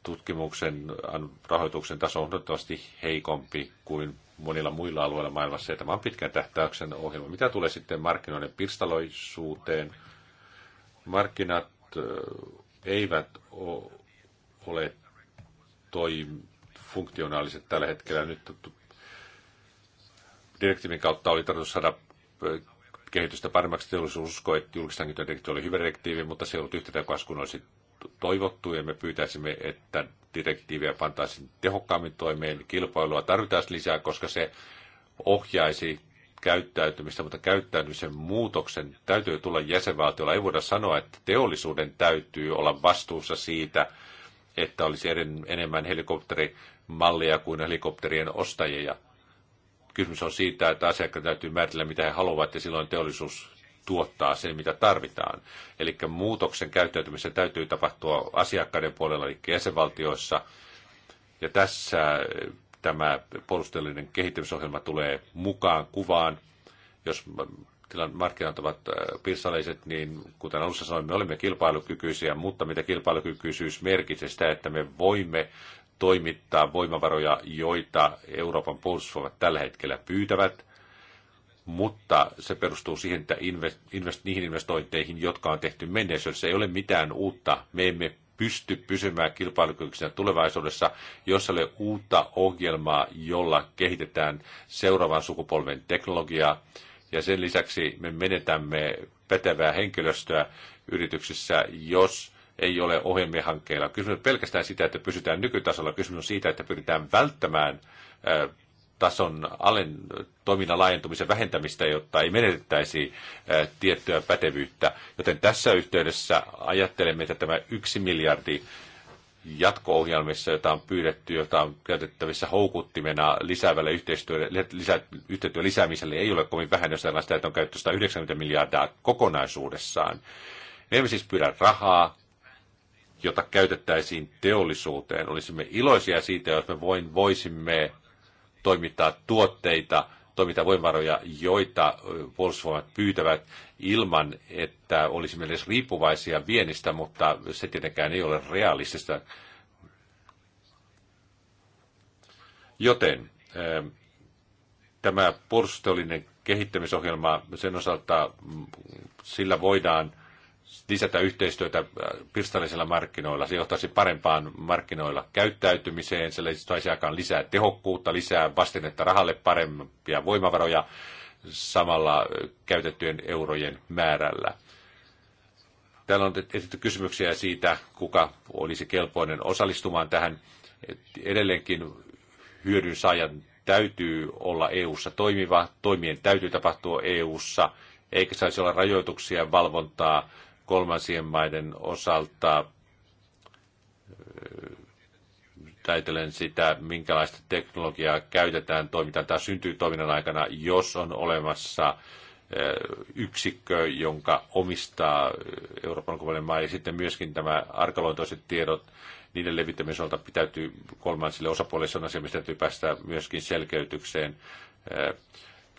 tutkimuksen äh, rahoituksen taso on huomattavasti heikompi kuin monilla muilla alueilla maailmassa, ja tämä on pitkän tähtäyksen ohjelma. Mitä tulee sitten markkinoiden pirstaloisuuteen? Markkinat äh, eivät ole toi funktionaaliset tällä hetkellä. Nyt direktiivin kautta oli tarkoitus saada äh, kehitystä paremmaksi. Teollisuus uskoi, että julkisen oli hyvä direktiivi, mutta se ei ollut yhtä kuin olisi toivottu ja me pyytäisimme, että direktiiviä pantaisiin tehokkaammin toimeen. Kilpailua tarvitaan lisää, koska se ohjaisi käyttäytymistä, mutta käyttäytymisen muutoksen täytyy tulla jäsenvaltiolla. Ei voida sanoa, että teollisuuden täytyy olla vastuussa siitä, että olisi enemmän helikopterimallia kuin helikopterien ostajia. Kysymys on siitä, että asiakkaat täytyy määritellä, mitä he haluavat, ja silloin teollisuus tuottaa sen, mitä tarvitaan. Eli muutoksen käyttäytymisen täytyy tapahtua asiakkaiden puolella, eli jäsenvaltioissa. Ja tässä eh, tämä puolustellinen kehittämisohjelma tulee mukaan kuvaan. Jos markkinat ovat eh, pirsaleiset, niin kuten alussa sanoin, me olemme kilpailukykyisiä, mutta mitä kilpailukykyisyys merkitsee sitä, että me voimme toimittaa voimavaroja, joita Euroopan puolustusvoimat tällä hetkellä pyytävät – mutta se perustuu siihen, että invest, invest, niihin investointeihin, jotka on tehty menneisyydessä, ei ole mitään uutta. Me emme pysty pysymään kilpailukykyisenä tulevaisuudessa, jos ei ole uutta ohjelmaa, jolla kehitetään seuraavan sukupolven teknologiaa. Ja sen lisäksi me menetämme pätevää henkilöstöä yrityksissä, jos ei ole ohjelmien hankkeilla. Kysymys on pelkästään sitä, että pysytään nykytasolla. Kysymys on siitä, että pyritään välttämään tason alen, toiminnan laajentumisen vähentämistä, jotta ei menetettäisi tiettyä pätevyyttä. Joten tässä yhteydessä ajattelemme, että tämä yksi miljardi jatko-ohjelmissa, jota on pyydetty, jota on käytettävissä houkuttimena lisäävälle yhteistyölle, lisä, yhteistyön lisäämiselle, ei ole kovin vähän, jos sitä, että on käytetty 190 miljardia kokonaisuudessaan. Me emme siis pyydä rahaa, jota käytettäisiin teollisuuteen. Olisimme iloisia siitä, jos me voin, voisimme toimittaa tuotteita, toimittaa voimavaroja, joita puolustusvoimat pyytävät ilman, että olisimme edes riippuvaisia vienistä, mutta se tietenkään ei ole realistista. Joten ähm, tämä puolustusteollinen kehittämisohjelma sen osalta, mm, sillä voidaan lisätä yhteistyötä äh, pirstallisilla markkinoilla. Se johtaisi parempaan markkinoilla käyttäytymiseen, se saisi aikaan lisää tehokkuutta, lisää vastinetta rahalle parempia voimavaroja samalla äh, käytettyjen eurojen määrällä. Täällä on esitetty kysymyksiä siitä, kuka olisi kelpoinen osallistumaan tähän. Edelleenkin hyödyn saajan täytyy olla EU-ssa toimiva, toimien täytyy tapahtua EU-ssa, eikä saisi olla rajoituksia, valvontaa, kolmansien maiden osalta täytelen sitä, minkälaista teknologiaa käytetään toimintaan tai syntyy toiminnan aikana, jos on olemassa yksikkö, jonka omistaa Euroopan ulkopuolinen maa, ja sitten myöskin tämä arkaluontoiset tiedot, niiden levittämisolta pitäytyy kolmansille osapuolille, se on asia, mistä täytyy päästä myöskin selkeytykseen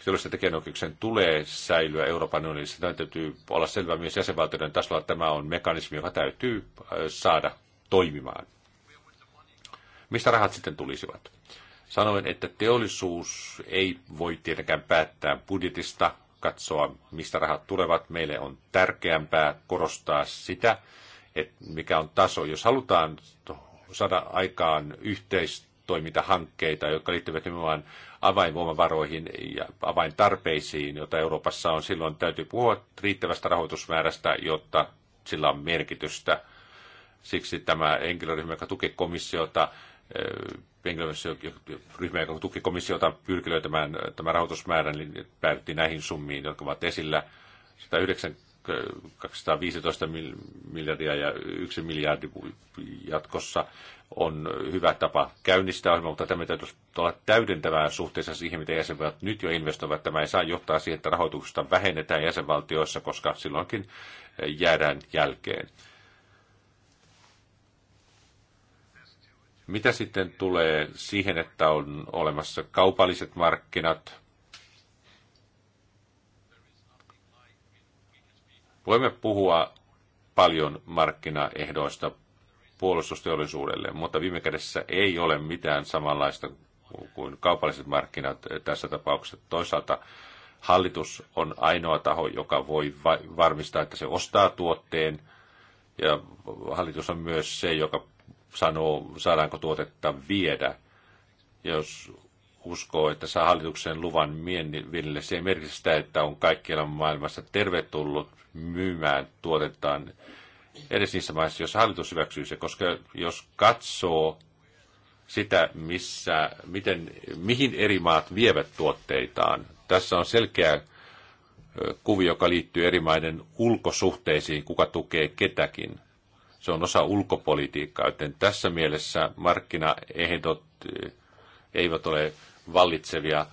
sellaisen tekijänoikeuksien tulee säilyä Euroopan unionissa. Tämä täytyy olla selvä myös jäsenvaltioiden tasolla, että tämä on mekanismi, joka täytyy äh, saada toimimaan. Mistä rahat sitten tulisivat? Sanoin, että teollisuus ei voi tietenkään päättää budjetista, katsoa, mistä rahat tulevat. Meille on tärkeämpää korostaa sitä, että mikä on taso. Jos halutaan saada aikaan yhteistoimintahankkeita, jotka liittyvät nimenomaan avainvoimavaroihin ja avaintarpeisiin, joita Euroopassa on. Silloin täytyy puhua riittävästä rahoitusmäärästä, jotta sillä on merkitystä. Siksi tämä henkilöryhmä, joka tukee komissiota, eh, ryhmä, joka tuki komissiota, pyrki löytämään tämän rahoitusmäärän, niin päädyttiin näihin summiin, jotka ovat esillä. 190 215 miljardia ja 1 miljardi jatkossa on hyvä tapa käynnistää ohjelma, mutta tämä täytyy olla täydentävää suhteessa siihen, mitä jäsenvaltiot nyt jo investoivat. Tämä ei saa johtaa siihen, että rahoituksesta vähennetään jäsenvaltioissa, koska silloinkin jäädään jälkeen. Mitä sitten tulee siihen, että on olemassa kaupalliset markkinat, Voimme puhua paljon markkinaehdoista puolustusteollisuudelle, mutta viime kädessä ei ole mitään samanlaista kuin kaupalliset markkinat tässä tapauksessa. Toisaalta hallitus on ainoa taho, joka voi varmistaa, että se ostaa tuotteen, ja hallitus on myös se, joka sanoo, saadaanko tuotetta viedä. Jos uskoo, että saa hallituksen luvan mienville. Se ei merkitse sitä, että on kaikkialla maailmassa tervetullut myymään tuotettaan edes niissä maissa, jos hallitus hyväksyy se, koska jos katsoo sitä, missä, miten, mihin eri maat vievät tuotteitaan. Tässä on selkeä kuvio, joka liittyy eri maiden ulkosuhteisiin, kuka tukee ketäkin. Se on osa ulkopolitiikkaa, joten tässä mielessä markkinaehdot eivät ole vallitsevia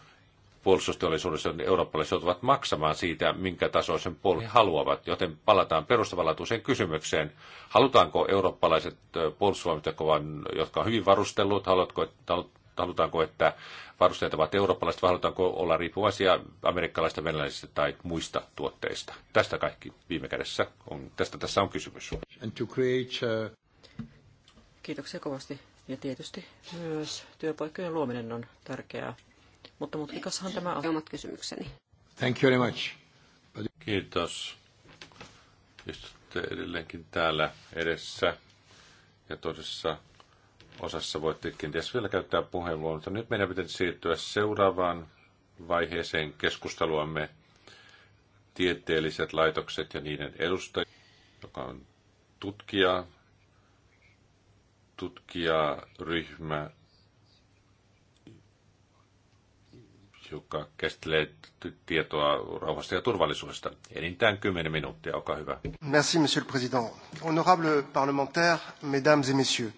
puolustusteollisuudessa niin eurooppalaiset joutuvat maksamaan siitä, minkä tasoisen puolustus haluavat. Joten palataan perustavanlaatuiseen kysymykseen. Halutaanko eurooppalaiset puolustusvoimat, jotka on hyvin varustellut, haluatko, halutaanko, että varusteet ovat eurooppalaiset, vai halutaanko olla riippuvaisia amerikkalaisista, venäläisistä tai muista tuotteista. Tästä kaikki viime kädessä on, tästä tässä on kysymys. Uh, Kiitoksia kovasti ja tietysti myös työpaikkojen luominen on tärkeää. Mutta mutkikashan tämä on. Omat kysymykseni. Thank you very much. Kiitos. Istutte edelleenkin täällä edessä ja toisessa osassa voitte kenties vielä käyttää puheenvuoron, mutta nyt meidän pitäisi siirtyä seuraavaan vaiheeseen keskusteluamme tieteelliset laitokset ja niiden edustajat, joka on tutkija tutkijaryhmä, joka käsittelee tietoa rauhasta ja turvallisuudesta. Enintään 10 minuuttia, olkaa hyvä. Merci, monsieur le président. Honorable parlementaire, mesdames et messieurs.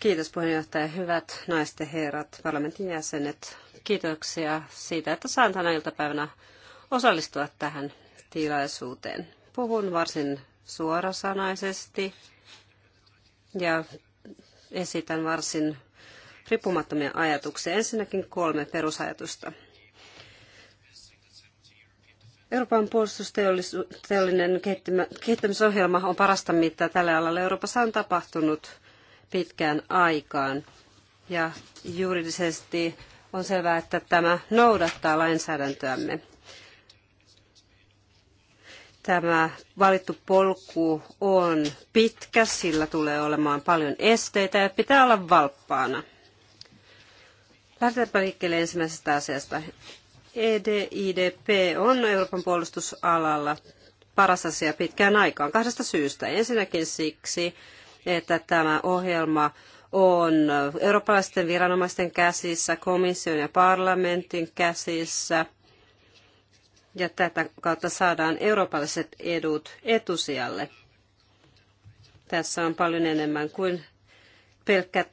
Kiitos puheenjohtaja. Hyvät naiset ja herrat, parlamentin jäsenet. Kiitoksia siitä, että saan tänä iltapäivänä osallistua tähän tilaisuuteen. Puhun varsin suorasanaisesti ja esitän varsin riippumattomia ajatuksia. Ensinnäkin kolme perusajatusta. Euroopan puolustusteollinen kehittämisohjelma on parasta, mitä tällä alalla Euroopassa on tapahtunut pitkään aikaan. Ja juridisesti on selvää, että tämä noudattaa lainsäädäntöämme. Tämä valittu polku on pitkä, sillä tulee olemaan paljon esteitä ja pitää olla valppaana. Lähdetäänpä liikkeelle ensimmäisestä asiasta. EDIDP on Euroopan puolustusalalla paras asia pitkään aikaan kahdesta syystä. Ensinnäkin siksi, että tämä ohjelma on eurooppalaisten viranomaisten käsissä, komission ja parlamentin käsissä – ja tätä kautta saadaan eurooppalaiset edut etusijalle. Tässä on paljon enemmän kuin pelkkät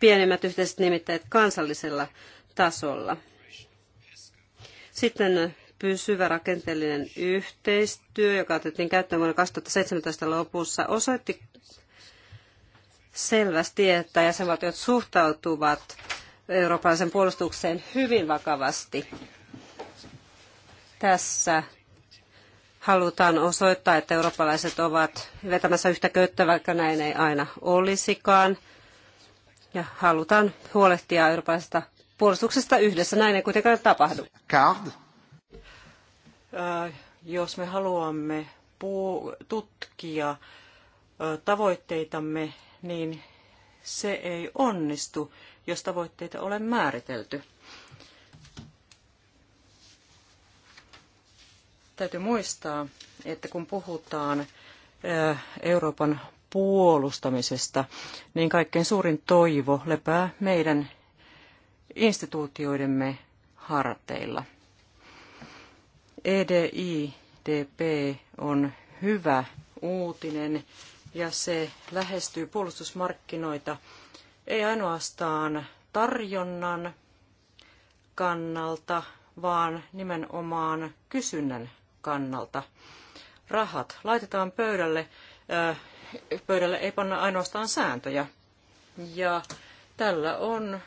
pienemmät yhteiset nimittäjät kansallisella tasolla. Sitten pysyvä rakenteellinen yhteistyö, joka otettiin käyttöön vuonna 2017 lopussa, osoitti selvästi, että jäsenvaltiot suhtautuvat eurooppalaisen puolustukseen hyvin vakavasti. Tässä halutaan osoittaa, että eurooppalaiset ovat vetämässä yhtä köyttä, vaikka näin ei aina olisikaan. Ja halutaan huolehtia eurooppalaisesta puolustuksesta yhdessä. Näin ei kuitenkaan tapahdu. Card. Äh, jos me haluamme tutkia tavoitteitamme, niin se ei onnistu, jos tavoitteita ole määritelty. Täytyy muistaa, että kun puhutaan Euroopan puolustamisesta, niin kaikkein suurin toivo lepää meidän instituutioidemme harteilla. EDIDP on hyvä uutinen ja se lähestyy puolustusmarkkinoita ei ainoastaan tarjonnan kannalta, vaan nimenomaan kysynnän kannalta. Rahat laitetaan pöydälle, äh, pöydälle ei panna ainoastaan sääntöjä. Ja tällä on,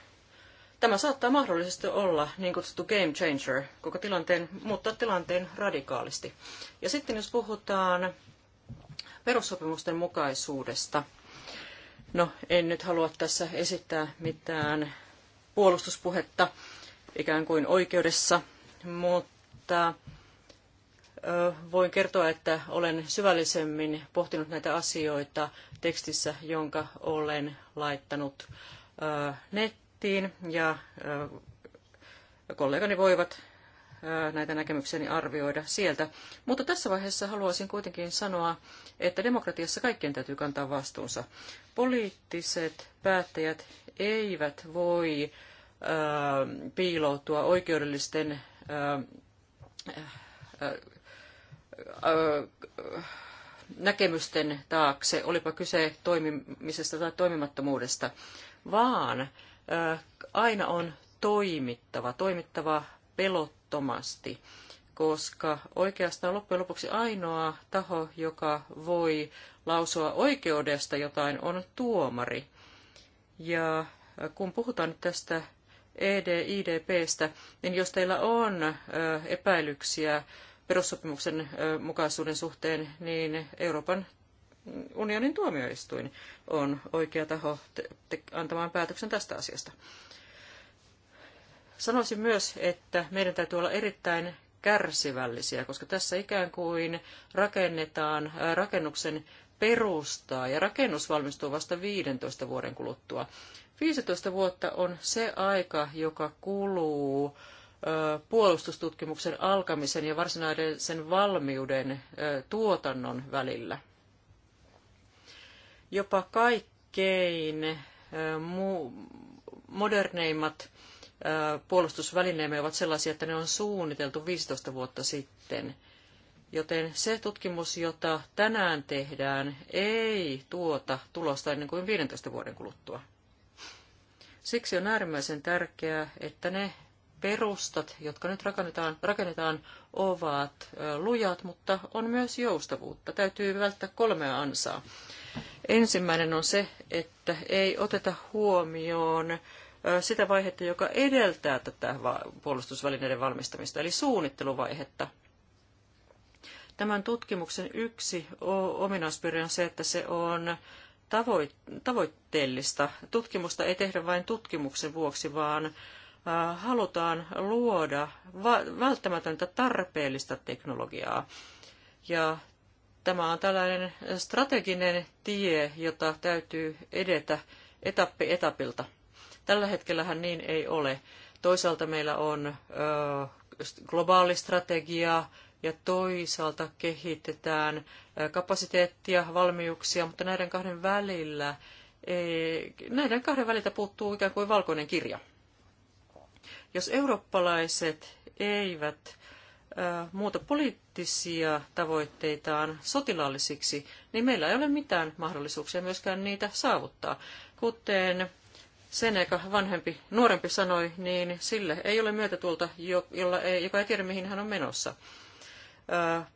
tämä saattaa mahdollisesti olla niin kutsuttu game changer, koko tilanteen, muuttaa tilanteen radikaalisti. Ja sitten jos puhutaan perussopimusten mukaisuudesta, no en nyt halua tässä esittää mitään puolustuspuhetta ikään kuin oikeudessa, mutta voin kertoa, että olen syvällisemmin pohtinut näitä asioita tekstissä, jonka olen laittanut nettiin ja kollegani voivat näitä näkemyksiäni arvioida sieltä. Mutta tässä vaiheessa haluaisin kuitenkin sanoa, että demokratiassa kaikkien täytyy kantaa vastuunsa. Poliittiset päättäjät eivät voi piiloutua oikeudellisten näkemysten taakse, olipa kyse toimimisesta tai toimimattomuudesta, vaan aina on toimittava, toimittava pelottomasti, koska oikeastaan loppujen lopuksi ainoa taho, joka voi lausua oikeudesta jotain, on tuomari. Ja kun puhutaan nyt tästä ED-IDPstä, niin jos teillä on epäilyksiä perussopimuksen mukaisuuden suhteen, niin Euroopan unionin tuomioistuin on oikea taho antamaan päätöksen tästä asiasta. Sanoisin myös, että meidän täytyy olla erittäin kärsivällisiä, koska tässä ikään kuin rakennetaan rakennuksen perustaa ja rakennus valmistuu vasta 15 vuoden kuluttua. 15 vuotta on se aika, joka kuluu puolustustutkimuksen alkamisen ja varsinaisen valmiuden tuotannon välillä. Jopa kaikkein moderneimmat puolustusvälineemme ovat sellaisia, että ne on suunniteltu 15 vuotta sitten. Joten se tutkimus, jota tänään tehdään, ei tuota tulosta ennen kuin 15 vuoden kuluttua. Siksi on äärimmäisen tärkeää, että ne perustat, jotka nyt rakennetaan, rakennetaan, ovat lujat, mutta on myös joustavuutta. Täytyy välttää kolmea ansaa. Ensimmäinen on se, että ei oteta huomioon sitä vaihetta, joka edeltää tätä puolustusvälineiden valmistamista, eli suunnitteluvaihetta. Tämän tutkimuksen yksi ominaispiirre on se, että se on tavoitteellista. Tutkimusta ei tehdä vain tutkimuksen vuoksi, vaan halutaan luoda välttämätöntä tarpeellista teknologiaa. Ja tämä on tällainen strateginen tie, jota täytyy edetä etappi etapilta. Tällä hetkellähän niin ei ole. Toisaalta meillä on globaali strategia ja toisaalta kehitetään kapasiteettia, valmiuksia, mutta näiden kahden välillä, näiden kahden väliltä puuttuu ikään kuin valkoinen kirja. Jos eurooppalaiset eivät muuta poliittisia tavoitteitaan sotilaallisiksi, niin meillä ei ole mitään mahdollisuuksia myöskään niitä saavuttaa. Kuten Seneca, vanhempi, nuorempi sanoi, niin sille ei ole myötätuulta, jolla ei, joka ei tiedä mihin hän on menossa.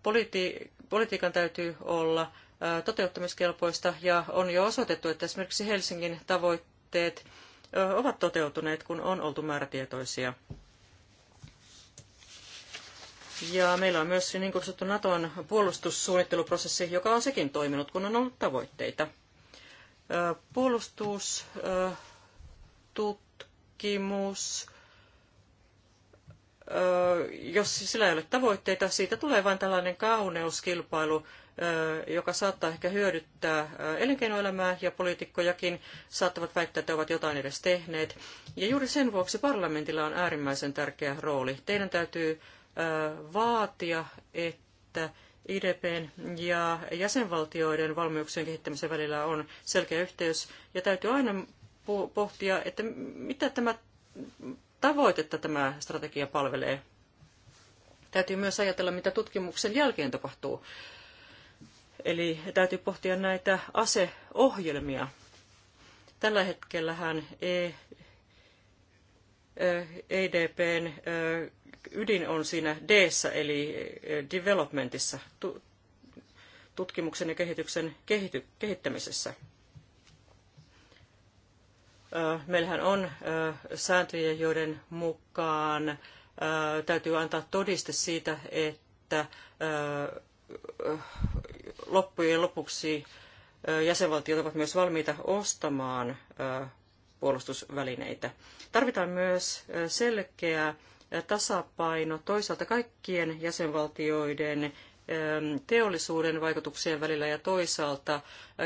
Politi- politiikan täytyy olla toteuttamiskelpoista ja on jo osoitettu, että esimerkiksi Helsingin tavoitteet ovat toteutuneet, kun on oltu määrätietoisia. Ja meillä on myös niin kutsuttu Naton puolustussuunnitteluprosessi, joka on sekin toiminut, kun on ollut tavoitteita. Puolustustutkimus, jos sillä ei ole tavoitteita, siitä tulee vain tällainen kauneuskilpailu, joka saattaa ehkä hyödyttää elinkeinoelämää ja poliitikkojakin, saattavat väittää, että ovat jotain edes tehneet. Ja juuri sen vuoksi parlamentilla on äärimmäisen tärkeä rooli. Teidän täytyy vaatia, että IDPn ja jäsenvaltioiden valmiuksien kehittämisen välillä on selkeä yhteys, ja täytyy aina pohtia, että mitä tämä tavoitetta tämä strategia palvelee. Täytyy myös ajatella, mitä tutkimuksen jälkeen tapahtuu. Eli täytyy pohtia näitä aseohjelmia. Tällä hetkellähän e, EDPn ydin on siinä d eli developmentissa, tutkimuksen ja kehityksen kehity, kehittämisessä. Meillähän on sääntöjä, joiden mukaan täytyy antaa todiste siitä, että loppujen lopuksi jäsenvaltiot ovat myös valmiita ostamaan puolustusvälineitä. Tarvitaan myös selkeä tasapaino toisaalta kaikkien jäsenvaltioiden teollisuuden vaikutuksien välillä ja toisaalta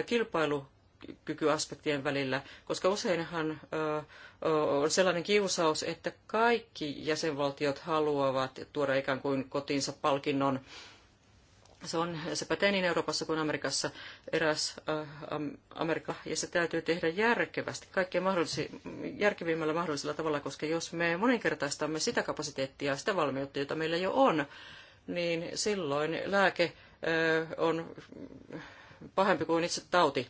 kilpailukykyaspektien välillä, koska useinhan on sellainen kiusaus, että kaikki jäsenvaltiot haluavat tuoda ikään kuin kotiinsa palkinnon se, on, se pätee niin Euroopassa kuin Amerikassa, eräs äh, Amerikka, ja se täytyy tehdä järkevästi, kaikkein mahdollisi, järkevimmällä mahdollisella tavalla, koska jos me moninkertaistamme sitä kapasiteettia, sitä valmiutta, jota meillä jo on, niin silloin lääke äh, on pahempi kuin itse tauti.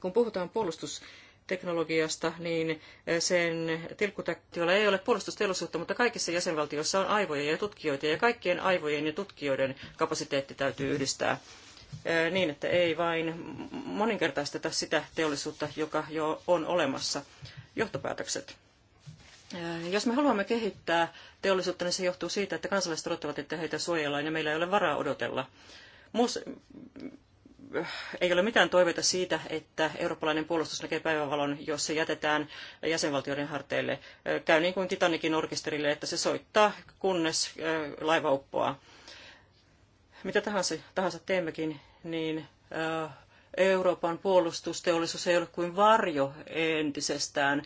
Kun puhutaan puolustus- teknologiasta, niin eh, sen tilkkutäkkiolla ei ole puolustusteollisuutta, mutta kaikissa jäsenvaltioissa on aivoja ja tutkijoita, ja kaikkien aivojen ja tutkijoiden kapasiteetti täytyy yhdistää eh, niin, että ei vain moninkertaisteta sitä teollisuutta, joka jo on olemassa. Johtopäätökset. Eh, jos me haluamme kehittää teollisuutta, niin se johtuu siitä, että kansalaiset odottavat, että heitä suojellaan ja meillä ei ole varaa odotella ei ole mitään toiveita siitä, että eurooppalainen puolustus näkee päivävalon, jos se jätetään jäsenvaltioiden harteille. Käy niin kuin Titanikin orkesterille, että se soittaa, kunnes laiva uppoaa. Mitä tahansa, tahansa teemmekin, niin Euroopan puolustusteollisuus ei ole kuin varjo entisestään.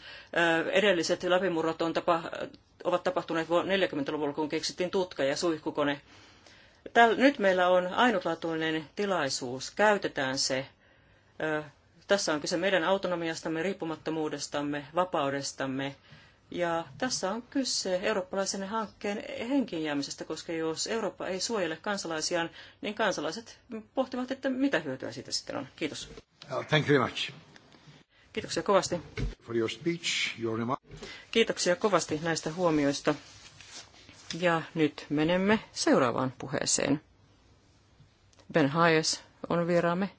Edelliset läpimurrot on tapa, ovat tapahtuneet 40-luvulla, kun keksittiin tutka ja suihkukone – nyt meillä on ainutlaatuinen tilaisuus, käytetään se. Tässä on kyse meidän autonomiastamme, riippumattomuudestamme, vapaudestamme. Ja tässä on kyse eurooppalaisen hankkeen jäämisestä, koska jos Eurooppa ei suojele kansalaisiaan, niin kansalaiset pohtivat, että mitä hyötyä siitä sitten on. Kiitos. Uh, thank you very much. Kiitoksia kovasti. For your speech, your... Kiitoksia kovasti näistä huomioista. Ja nyt menemme seuraavaan puheeseen. Ben Hayes on vieraamme.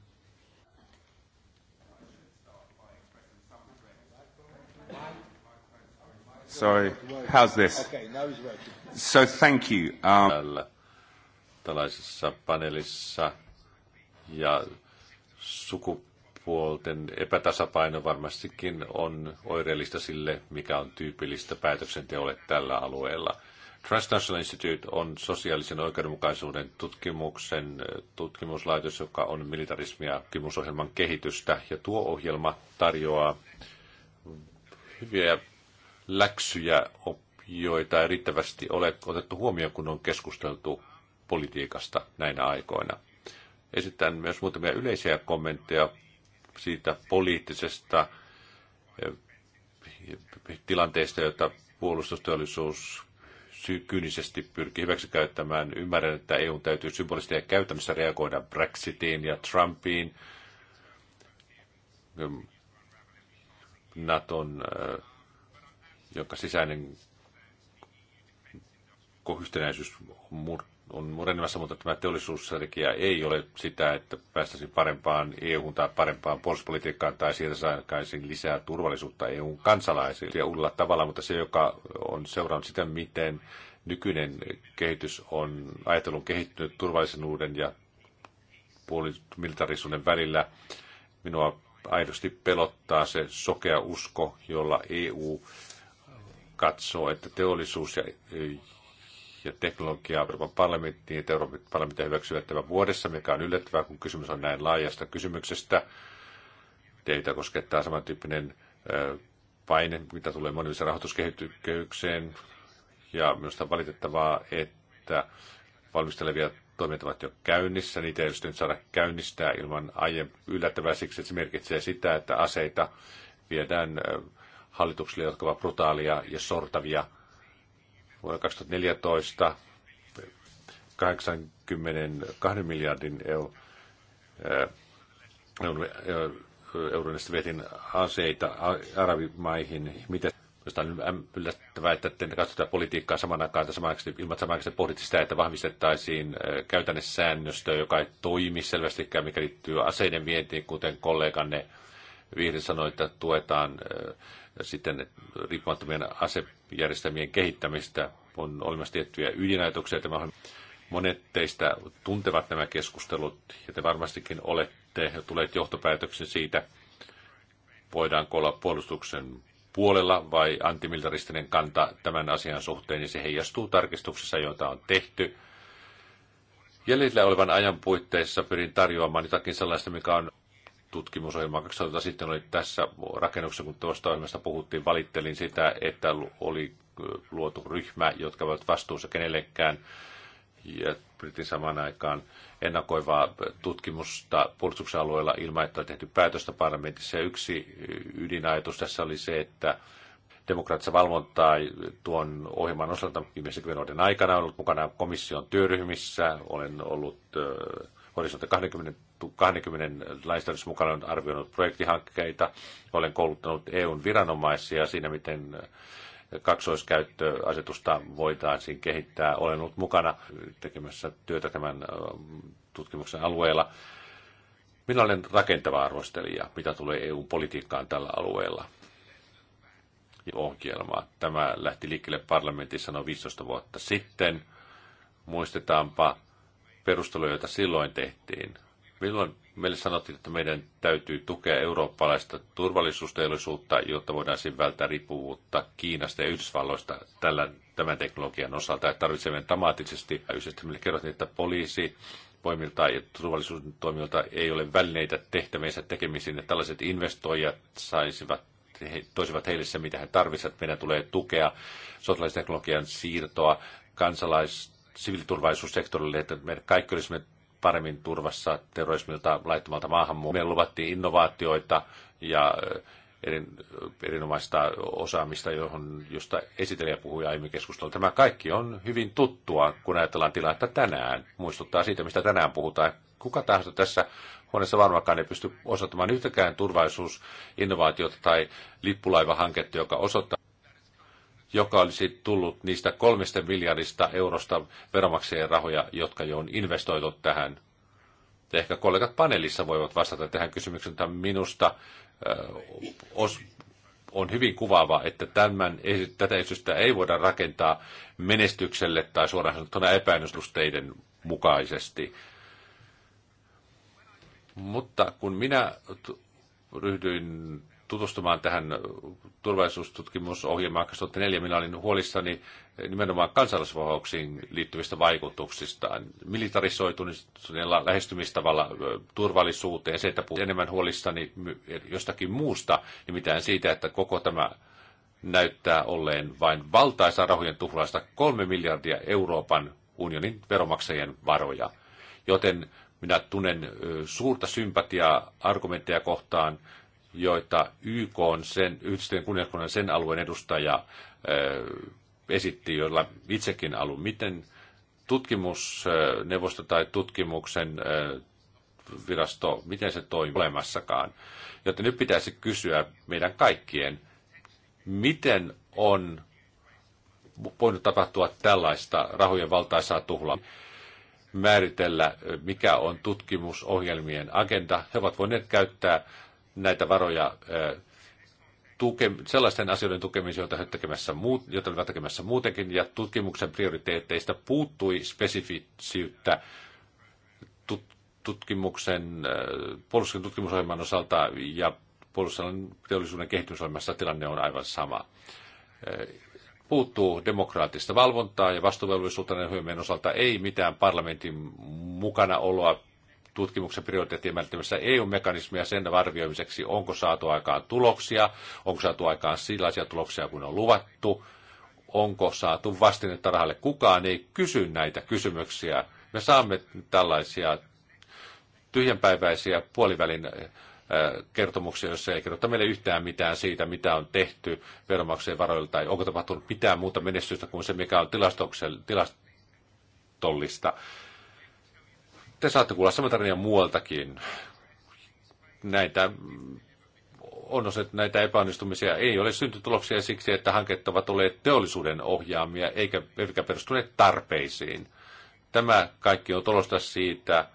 Sorry, how's this? So thank you. Um... tällaisessa paneelissa ja sukupuolten epätasapaino varmastikin on oireellista sille, mikä on tyypillistä päätöksenteolle tällä alueella. Transnational Institute on sosiaalisen oikeudenmukaisuuden tutkimuksen tutkimuslaitos, joka on militarismia tutkimusohjelman kehitystä. Ja tuo ohjelma tarjoaa hyviä läksyjä, joita ei riittävästi ole otettu huomioon, kun on keskusteltu politiikasta näinä aikoina. Esitän myös muutamia yleisiä kommentteja siitä poliittisesta tilanteesta, jota puolustusteollisuus kyynisesti pyrki hyväksikäyttämään. Ymmärrän, että EU täytyy symbolisesti ja käytännössä reagoida Brexitiin ja Trumpiin, Naton, äh, jonka sisäinen yhtenäisyys on murenemassa, mutta tämä teollisuusstrategia ei ole sitä, että päästäisiin parempaan EU- tai parempaan puolustuspolitiikkaan tai sieltä saataisiin lisää turvallisuutta eu kansalaisille ja uudella tavalla, mutta se, joka on seurannut sitä, miten nykyinen kehitys on ajatellut kehittynyt turvallisuuden ja puolimilitarisuuden välillä, minua aidosti pelottaa se sokea usko, jolla EU katsoo, että teollisuus ja ja teknologiaa Euroopan parlamenttiin, että Euroopan parlamentti hyväksyvät tämän vuodessa, mikä on yllättävää, kun kysymys on näin laajasta kysymyksestä. Teitä koskettaa samantyyppinen paine, mitä tulee monivuotiseen rahoituskehykseen. Ja minusta on valitettavaa, että valmistelevia toimet ovat jo käynnissä. Niitä ei nyt saada käynnistää ilman aiemmin yllättävää siksi, että se merkitsee sitä, että aseita viedään hallituksille, jotka ovat brutaalia ja sortavia – vuonna 2014 82 miljardin euron euroista vietin aseita arabimaihin. Miten Minusta on yllättävää, että te katsotaan politiikkaa saman aikaan, että samanaikaisesti, ilman samanaikaisesti pohditte sitä, että vahvistettaisiin käytännössäännöstöä, joka ei toimi selvästikään, mikä liittyy aseiden vientiin, kuten kolleganne Vihri sanoi, että tuetaan sitten riippumattomien asejärjestelmien kehittämistä. On olemassa tiettyjä ydinajatuksia. Tämä on, monet teistä tuntevat nämä keskustelut ja te varmastikin olette ja tulet johtopäätöksen siitä, voidaanko olla puolustuksen puolella vai antimilitaristinen kanta tämän asian suhteen, niin se heijastuu tarkistuksessa, joita on tehty. Jäljellä olevan ajan puitteissa pyrin tarjoamaan jotakin sellaista, mikä on tutkimusohjelmaa 2000 sitten oli tässä rakennuksessa, kun tuosta ohjelmasta puhuttiin, valittelin sitä, että oli luotu ryhmä, jotka ovat vastuussa kenellekään ja pyrittiin samaan aikaan ennakoivaa tutkimusta puolustuksen alueella ilman, että on tehty päätöstä parlamentissa. Ja yksi ydinajatus tässä oli se, että demokraattista valvontaa tuon ohjelman osalta viimeisen kymmenen vuoden aikana. Olen ollut mukana komission työryhmissä, olen ollut Horisontti 20 20 lainsäädännössä mukana on arvioinut projektihankkeita. Olen kouluttanut EUn viranomaisia siinä, miten kaksoiskäyttöasetusta voitaisiin kehittää. Olen ollut mukana tekemässä työtä tämän tutkimuksen alueella. Minä olen rakentava arvostelija, mitä tulee EU-politiikkaan tällä alueella. Ohjelma. Tämä lähti liikkeelle parlamentissa noin 15 vuotta sitten. Muistetaanpa perusteluja, joita silloin tehtiin Milloin meille sanottiin, että meidän täytyy tukea eurooppalaista turvallisuusteollisuutta, jotta voidaan siinä välttää riippuvuutta Kiinasta ja Yhdysvalloista tällä, tämän teknologian osalta. että tarvitsemme dramaattisesti, Yhdessä meille kerrottiin, että poliisi, poimilta ja turvallisuustoimilta ei ole välineitä tehtäviensä tekemisiin, että tällaiset investoijat saisivat he toisivat heille se, mitä he tarvitsevat. Meidän tulee tukea sotilasteknologian siirtoa kansalais- siviiliturvallisuussektorille, että me kaikki olisimme paremmin turvassa terrorismilta, laittomalta maahanmuutolta. Meillä luvattiin innovaatioita ja eh, erin, eh, erinomaista osaamista, johon, josta esitelijä puhui aiemmin keskustelua. Tämä kaikki on hyvin tuttua, kun ajatellaan tilannetta tänään. Muistuttaa siitä, mistä tänään puhutaan. Kuka tahansa tässä huoneessa varmaankaan ei pysty osoittamaan yhtäkään turvallisuusinnovaatiota tai lippulaivahanketta, joka osoittaa joka olisi tullut niistä kolmesta miljardista eurosta veromaksajien rahoja, jotka jo on investoitu tähän. Ja ehkä kollegat paneelissa voivat vastata tähän kysymykseen, että minusta äh, on hyvin kuvaava, että tämän, tätä esitystä ei voida rakentaa menestykselle tai suoraan sanottuna epäinnostusteiden mukaisesti. Mutta kun minä ryhdyin tutustumaan tähän turvallisuustutkimusohjelmaan 2004, minä olin huolissani nimenomaan kansallisvahauksiin liittyvistä vaikutuksista, militarisoituneella lähestymistavalla turvallisuuteen, se, että puhuin enemmän huolissani jostakin muusta, nimittäin siitä, että koko tämä näyttää olleen vain valtaisa rahojen tuhlaista kolme miljardia Euroopan unionin veromaksajien varoja. Joten minä tunnen suurta sympatiaa argumentteja kohtaan, joita YK on sen, yhdistyneen kuningaskunnan sen alueen edustaja äh, esitti, joilla itsekin alun. Miten tutkimusneuvosto tai tutkimuksen äh, virasto, miten se toimii olemassakaan. Joten nyt pitäisi kysyä meidän kaikkien, miten on voinut tapahtua tällaista rahojen valtaisaa tuhlaa. Määritellä, mikä on tutkimusohjelmien agenda. He ovat voineet käyttää näitä varoja tuke, sellaisten asioiden tukemiseen, joita he tekemässä muut, joita olivat tekemässä muutenkin, ja tutkimuksen prioriteetteista puuttui spesifisyyttä tutkimuksen, puolustuksen tutkimusohjelman osalta ja puolustuksen teollisuuden kehitysohjelmassa tilanne on aivan sama. Puuttuu demokraattista valvontaa ja vastuuvelvollisuutta näiden osalta, ei mitään parlamentin mukanaoloa tutkimuksen prioriteettien määrittämisessä EU-mekanismia sen arvioimiseksi, onko saatu aikaan tuloksia, onko saatu aikaan sellaisia tuloksia kuin on luvattu, onko saatu vastinetta rahalle. Kukaan ei kysy näitä kysymyksiä. Me saamme tällaisia tyhjänpäiväisiä puolivälin äh, kertomuksia, jossa ei kerrota meille yhtään mitään siitä, mitä on tehty veronmaksujen varoilla tai onko tapahtunut mitään muuta menestystä kuin se, mikä on tilastollista te saatte kuulla saman tarinan muualtakin. Näitä on osa, että näitä epäonnistumisia ei ole syntytuloksia siksi, että hankkeet ovat olleet teollisuuden ohjaamia eikä, eikä perustuneet tarpeisiin. Tämä kaikki on tulosta siitä,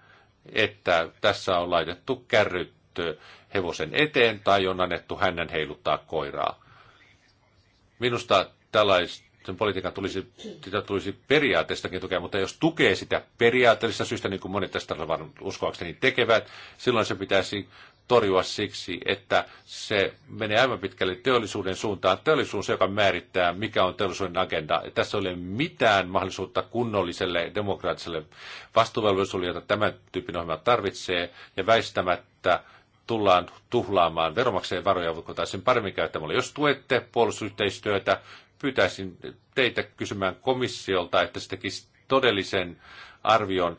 että tässä on laitettu kärryt hevosen eteen tai on annettu hänen heiluttaa koiraa. Minusta tällaista sen politiikan tulisi, sitä tulisi periaatteestakin tukea, mutta jos tukee sitä periaatteellisista syistä, niin kuin monet tästä uskoakseni tekevät, silloin se pitäisi torjua siksi, että se menee aivan pitkälle teollisuuden suuntaan. Teollisuus, joka määrittää, mikä on teollisuuden agenda. Tässä ei ole mitään mahdollisuutta kunnolliselle demokraattiselle vastuuvelvollisuudelle, jota tämän tyyppinen ohjelma tarvitsee, ja väistämättä tullaan tuhlaamaan veromakseen varoja, kun taas sen paremmin käyttämällä. Jos tuette puolustusyhteistyötä, pyytäisin teitä kysymään komissiolta, että se tekisi todellisen arvion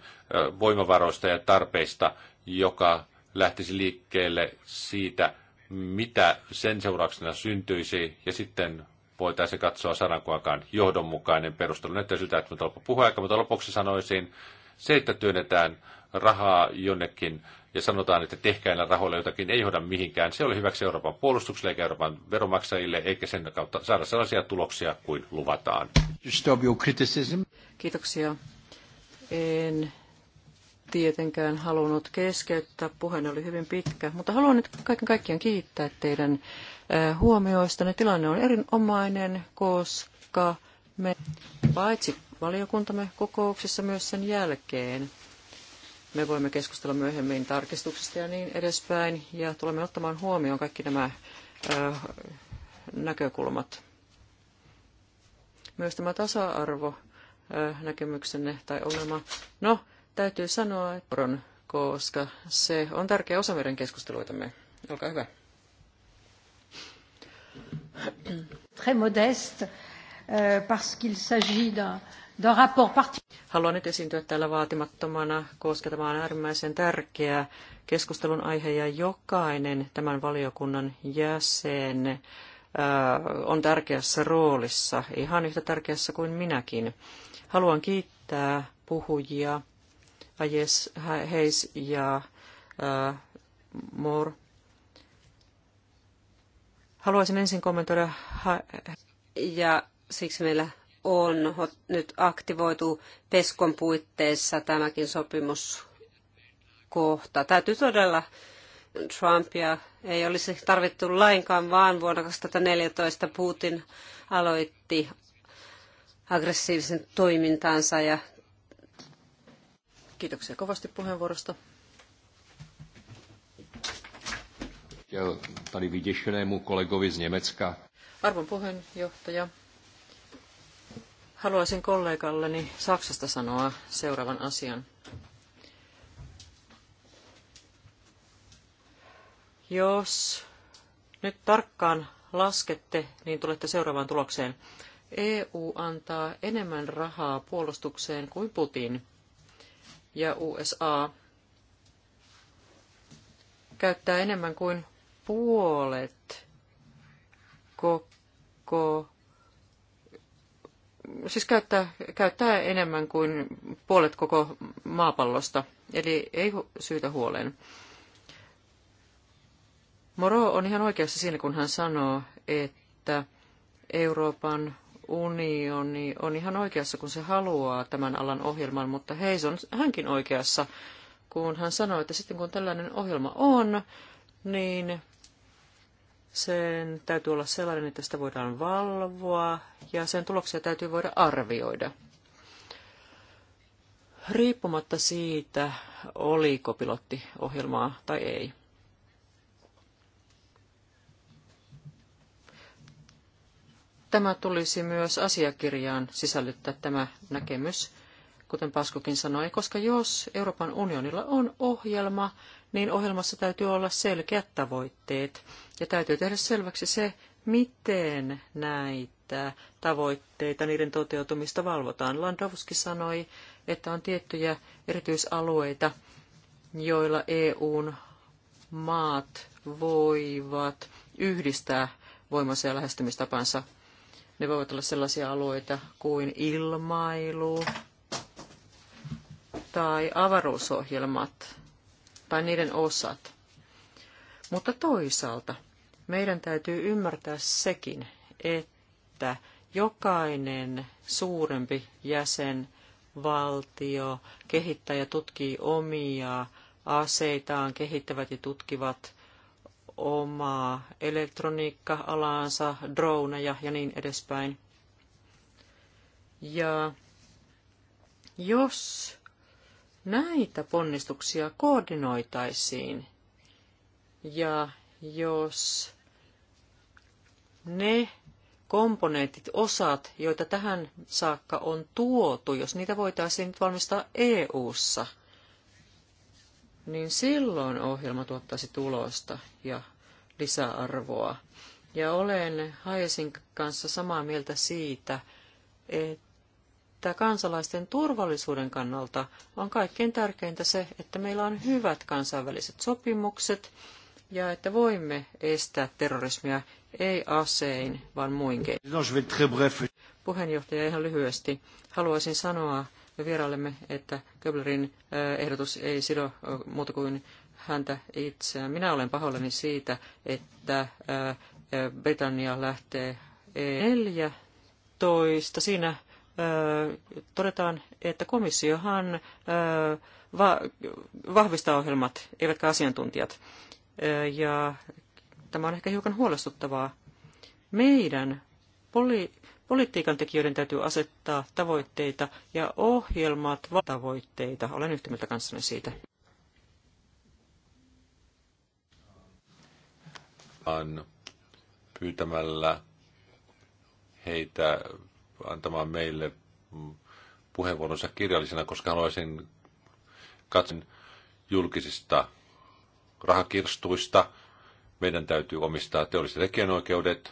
voimavaroista ja tarpeista, joka lähtisi liikkeelle siitä, mitä sen seurauksena syntyisi, ja sitten voitaisiin katsoa sanankuakaan johdonmukainen perustelu. Näyttää siltä, että me puhuaika, mutta lopuksi sanoisin, se, että työnnetään rahaa jonnekin ja sanotaan, että näillä rahoilla jotakin ei johda mihinkään. Se oli hyväksi Euroopan puolustukselle eikä Euroopan veromaksajille, eikä sen kautta saada sellaisia tuloksia kuin luvataan. Kiitoksia. En tietenkään halunnut keskeyttää, puheen oli hyvin pitkä, mutta haluan nyt kaiken kaikkiaan kiittää teidän Ne Tilanne on erinomainen, koska me paitsi valiokuntamme kokouksessa myös sen jälkeen me voimme keskustella myöhemmin tarkistuksista ja niin edespäin, ja tulemme ottamaan huomioon kaikki nämä näkökulmat. Myös tämä tasa-arvo näkemyksenne tai ongelma. No, täytyy sanoa, että koska se on tärkeä osa meidän keskusteluitamme. Olkaa hyvä. Très modeste, euh, parce qu'il s'agit d'un Haluan nyt esiintyä täällä vaatimattomana, koska tämä on äärimmäisen tärkeä keskustelun aihe ja jokainen tämän valiokunnan jäsen on tärkeässä roolissa, ihan yhtä tärkeässä kuin minäkin. Haluan kiittää puhujia, Ajes, Heis ja Mor. Haluaisin ensin kommentoida ja siksi meillä on nyt aktivoitu Peskon puitteissa tämäkin sopimuskohta. Täytyy todella Trumpia ei olisi tarvittu lainkaan, vaan vuonna 2014 Putin aloitti aggressiivisen toimintansa. Ja... Kiitoksia kovasti puheenvuorosta. Arvon puheenjohtaja, Haluaisin kollegalleni Saksasta sanoa seuraavan asian. Jos nyt tarkkaan laskette, niin tulette seuraavaan tulokseen. EU antaa enemmän rahaa puolustukseen kuin Putin ja USA käyttää enemmän kuin puolet koko siis käyttää, käyttää enemmän kuin puolet koko maapallosta, eli ei syytä huoleen. Moro on ihan oikeassa siinä, kun hän sanoo, että Euroopan unioni on ihan oikeassa, kun se haluaa tämän alan ohjelman, mutta Heis on hänkin oikeassa, kun hän sanoo, että sitten kun tällainen ohjelma on, niin sen täytyy olla sellainen, että sitä voidaan valvoa ja sen tuloksia täytyy voida arvioida. Riippumatta siitä, oliko pilottiohjelmaa tai ei. Tämä tulisi myös asiakirjaan sisällyttää tämä näkemys, kuten Paskukin sanoi, koska jos Euroopan unionilla on ohjelma, niin ohjelmassa täytyy olla selkeät tavoitteet. Ja täytyy tehdä selväksi se, miten näitä tavoitteita, niiden toteutumista valvotaan. Landowski sanoi, että on tiettyjä erityisalueita, joilla EUn maat voivat yhdistää voimansa ja lähestymistapansa. Ne voivat olla sellaisia alueita kuin ilmailu tai avaruusohjelmat tai niiden osat. Mutta toisaalta meidän täytyy ymmärtää sekin, että jokainen suurempi jäsenvaltio kehittää ja tutkii omia aseitaan, kehittävät ja tutkivat omaa elektroniikka-alaansa, droneja ja niin edespäin. Ja jos näitä ponnistuksia koordinoitaisiin. Ja jos ne komponentit, osat, joita tähän saakka on tuotu, jos niitä voitaisiin nyt valmistaa EU-ssa, niin silloin ohjelma tuottaisi tulosta ja lisäarvoa. Ja olen Hajesin kanssa samaa mieltä siitä, että että kansalaisten turvallisuuden kannalta on kaikkein tärkeintä se, että meillä on hyvät kansainväliset sopimukset ja että voimme estää terrorismia ei asein, vaan muinkin. Puheenjohtaja ihan lyhyesti. Haluaisin sanoa vieraillemme, että Köblerin eh, ehdotus ei sido eh, muuta kuin häntä itseään. Minä olen pahoillani siitä, että eh, Britannia lähtee 14. E Siinä todetaan, että komissiohan vahvistaa ohjelmat, eivätkä asiantuntijat. Ja tämä on ehkä hiukan huolestuttavaa. Meidän poli- politiikan tekijöiden täytyy asettaa tavoitteita ja ohjelmat tavoitteita. Olen yhtä mieltä kanssani siitä. pyytämällä heitä antamaan meille puheenvuoronsa kirjallisena, koska haluaisin katsoa julkisista rahakirstuista. Meidän täytyy omistaa teolliset tekijänoikeudet,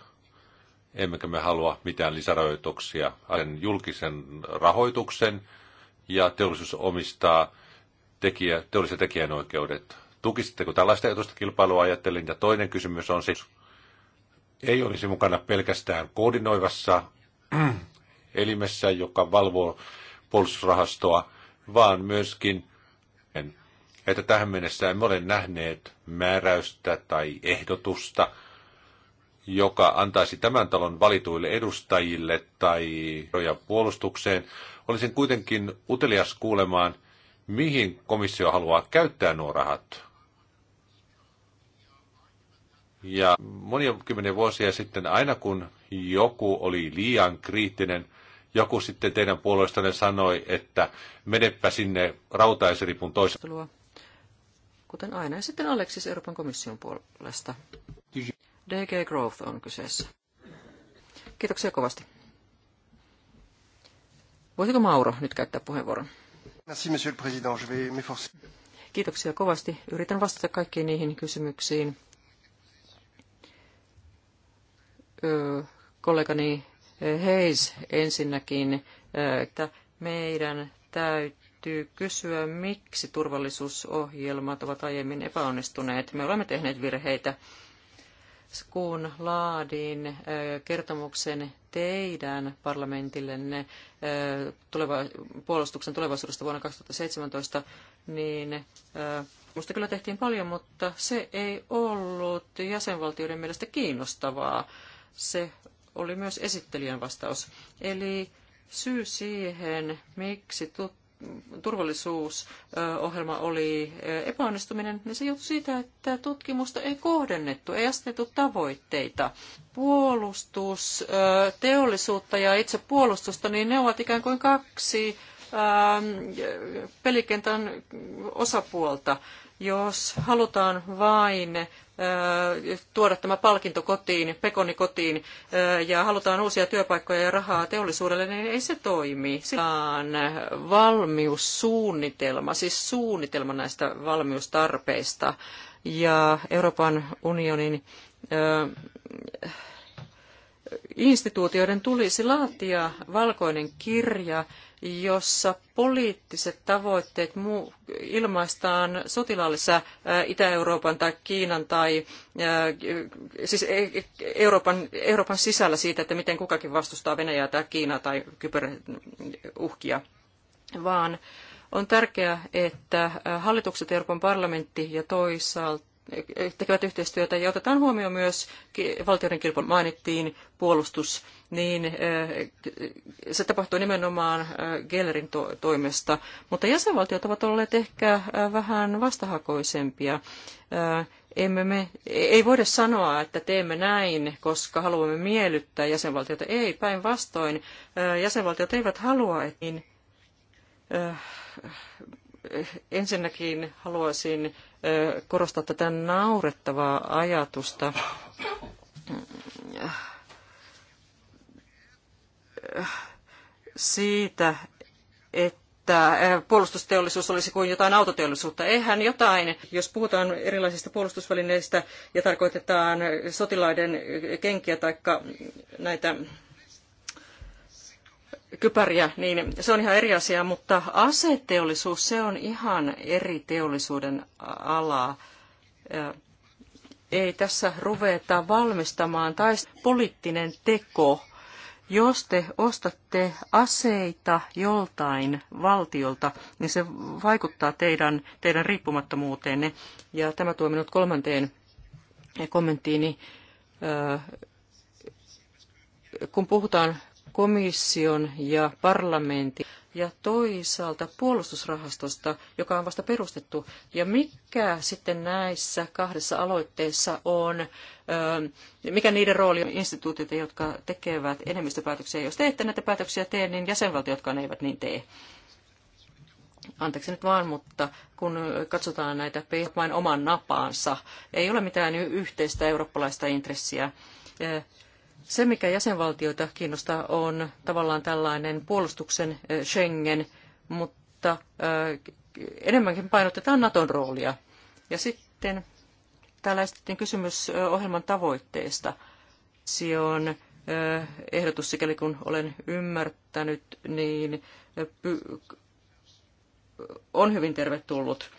emmekä me halua mitään lisärajoituksia. Aina julkisen rahoituksen ja teollisuus omistaa tekijä, teolliset tekijänoikeudet. Tukisitteko tällaista etusta kilpailua ajattelin? Ja toinen kysymys on siis, ei olisi mukana pelkästään koordinoivassa elimessä, joka valvoo puolustusrahastoa, vaan myöskin, että tähän mennessä emme ole nähneet määräystä tai ehdotusta, joka antaisi tämän talon valituille edustajille tai roja puolustukseen. Olisin kuitenkin utelias kuulemaan, mihin komissio haluaa käyttää nuo rahat. Ja monia kymmeniä vuosia sitten, aina kun joku oli liian kriittinen – joku sitten teidän puolestanne sanoi, että menepä sinne rautaisripun toisella. Kuten aina. Ja sitten Aleksis Euroopan komission puolesta. DG Growth on kyseessä. Kiitoksia kovasti. Voisiko Mauro nyt käyttää puheenvuoron? Merci, monsieur le président. Je vais Kiitoksia kovasti. Yritän vastata kaikkiin niihin kysymyksiin. Öö, kollegani Heis ensinnäkin, että meidän täytyy kysyä, miksi turvallisuusohjelmat ovat aiemmin epäonnistuneet. Me olemme tehneet virheitä. Kun laadin kertomuksen teidän parlamentillenne tuleva, puolustuksen tulevaisuudesta vuonna 2017, niin minusta kyllä tehtiin paljon, mutta se ei ollut jäsenvaltioiden mielestä kiinnostavaa. Se oli myös esittelijän vastaus. Eli syy siihen, miksi turvallisuusohjelma oli epäonnistuminen, niin se johtui siitä, että tutkimusta ei kohdennettu, ei asetettu tavoitteita. Puolustus, teollisuutta ja itse puolustusta, niin ne ovat ikään kuin kaksi ähm, pelikentän osapuolta. Jos halutaan vain tuoda tämä palkinto kotiin, pekoni kotiin, ja halutaan uusia työpaikkoja ja rahaa teollisuudelle, niin ei se toimi. Silloin valmiussuunnitelma, siis suunnitelma näistä valmiustarpeista, ja Euroopan unionin instituutioiden tulisi laatia valkoinen kirja, jossa poliittiset tavoitteet ilmaistaan sotilaallisessa Itä-Euroopan tai Kiinan tai siis e, e, Euroopan, Euroopan sisällä siitä, että miten kukakin vastustaa Venäjää tai Kiinaa tai kyberuhkia, vaan on tärkeää, että hallitukset Euroopan parlamentti ja toisaalta tekevät yhteistyötä ja otetaan huomioon myös valtioiden kirkon Mainittiin puolustus, niin se tapahtui nimenomaan Gellerin toimesta, mutta jäsenvaltiot ovat olleet ehkä vähän vastahakoisempia. Emme me, e-, ei voida sanoa, että teemme näin, koska haluamme miellyttää jäsenvaltioita. Ei, päinvastoin. Jäsenvaltiot eivät halua, niin ensinnäkin haluaisin korostaa tätä naurettavaa ajatusta siitä, että puolustusteollisuus olisi kuin jotain autoteollisuutta. Eihän jotain, jos puhutaan erilaisista puolustusvälineistä ja tarkoitetaan sotilaiden kenkiä tai näitä kypäriä, niin se on ihan eri asia, mutta aseteollisuus, se on ihan eri teollisuuden ala. Ei tässä ruveta valmistamaan tai poliittinen teko. Jos te ostatte aseita joltain valtiolta, niin se vaikuttaa teidän, teidän riippumattomuuteenne. Ja tämä tuo minut kolmanteen kommenttiini kun puhutaan komission ja parlamentin ja toisaalta puolustusrahastosta, joka on vasta perustettu. Ja mikä sitten näissä kahdessa aloitteessa on, mikä niiden rooli on instituutioita, jotka tekevät enemmistöpäätöksiä. Jos te ette näitä päätöksiä tee, niin jäsenvaltiotkaan eivät niin tee. Anteeksi nyt vaan, mutta kun katsotaan näitä vain oman napaansa, ei ole mitään yhteistä eurooppalaista intressiä se, mikä jäsenvaltioita kiinnostaa, on tavallaan tällainen puolustuksen Schengen, mutta enemmänkin painotetaan Naton roolia. Ja sitten täällä esitettiin kysymys ohjelman tavoitteesta. Se on ehdotus, sikäli kun olen ymmärtänyt, niin on hyvin tervetullut.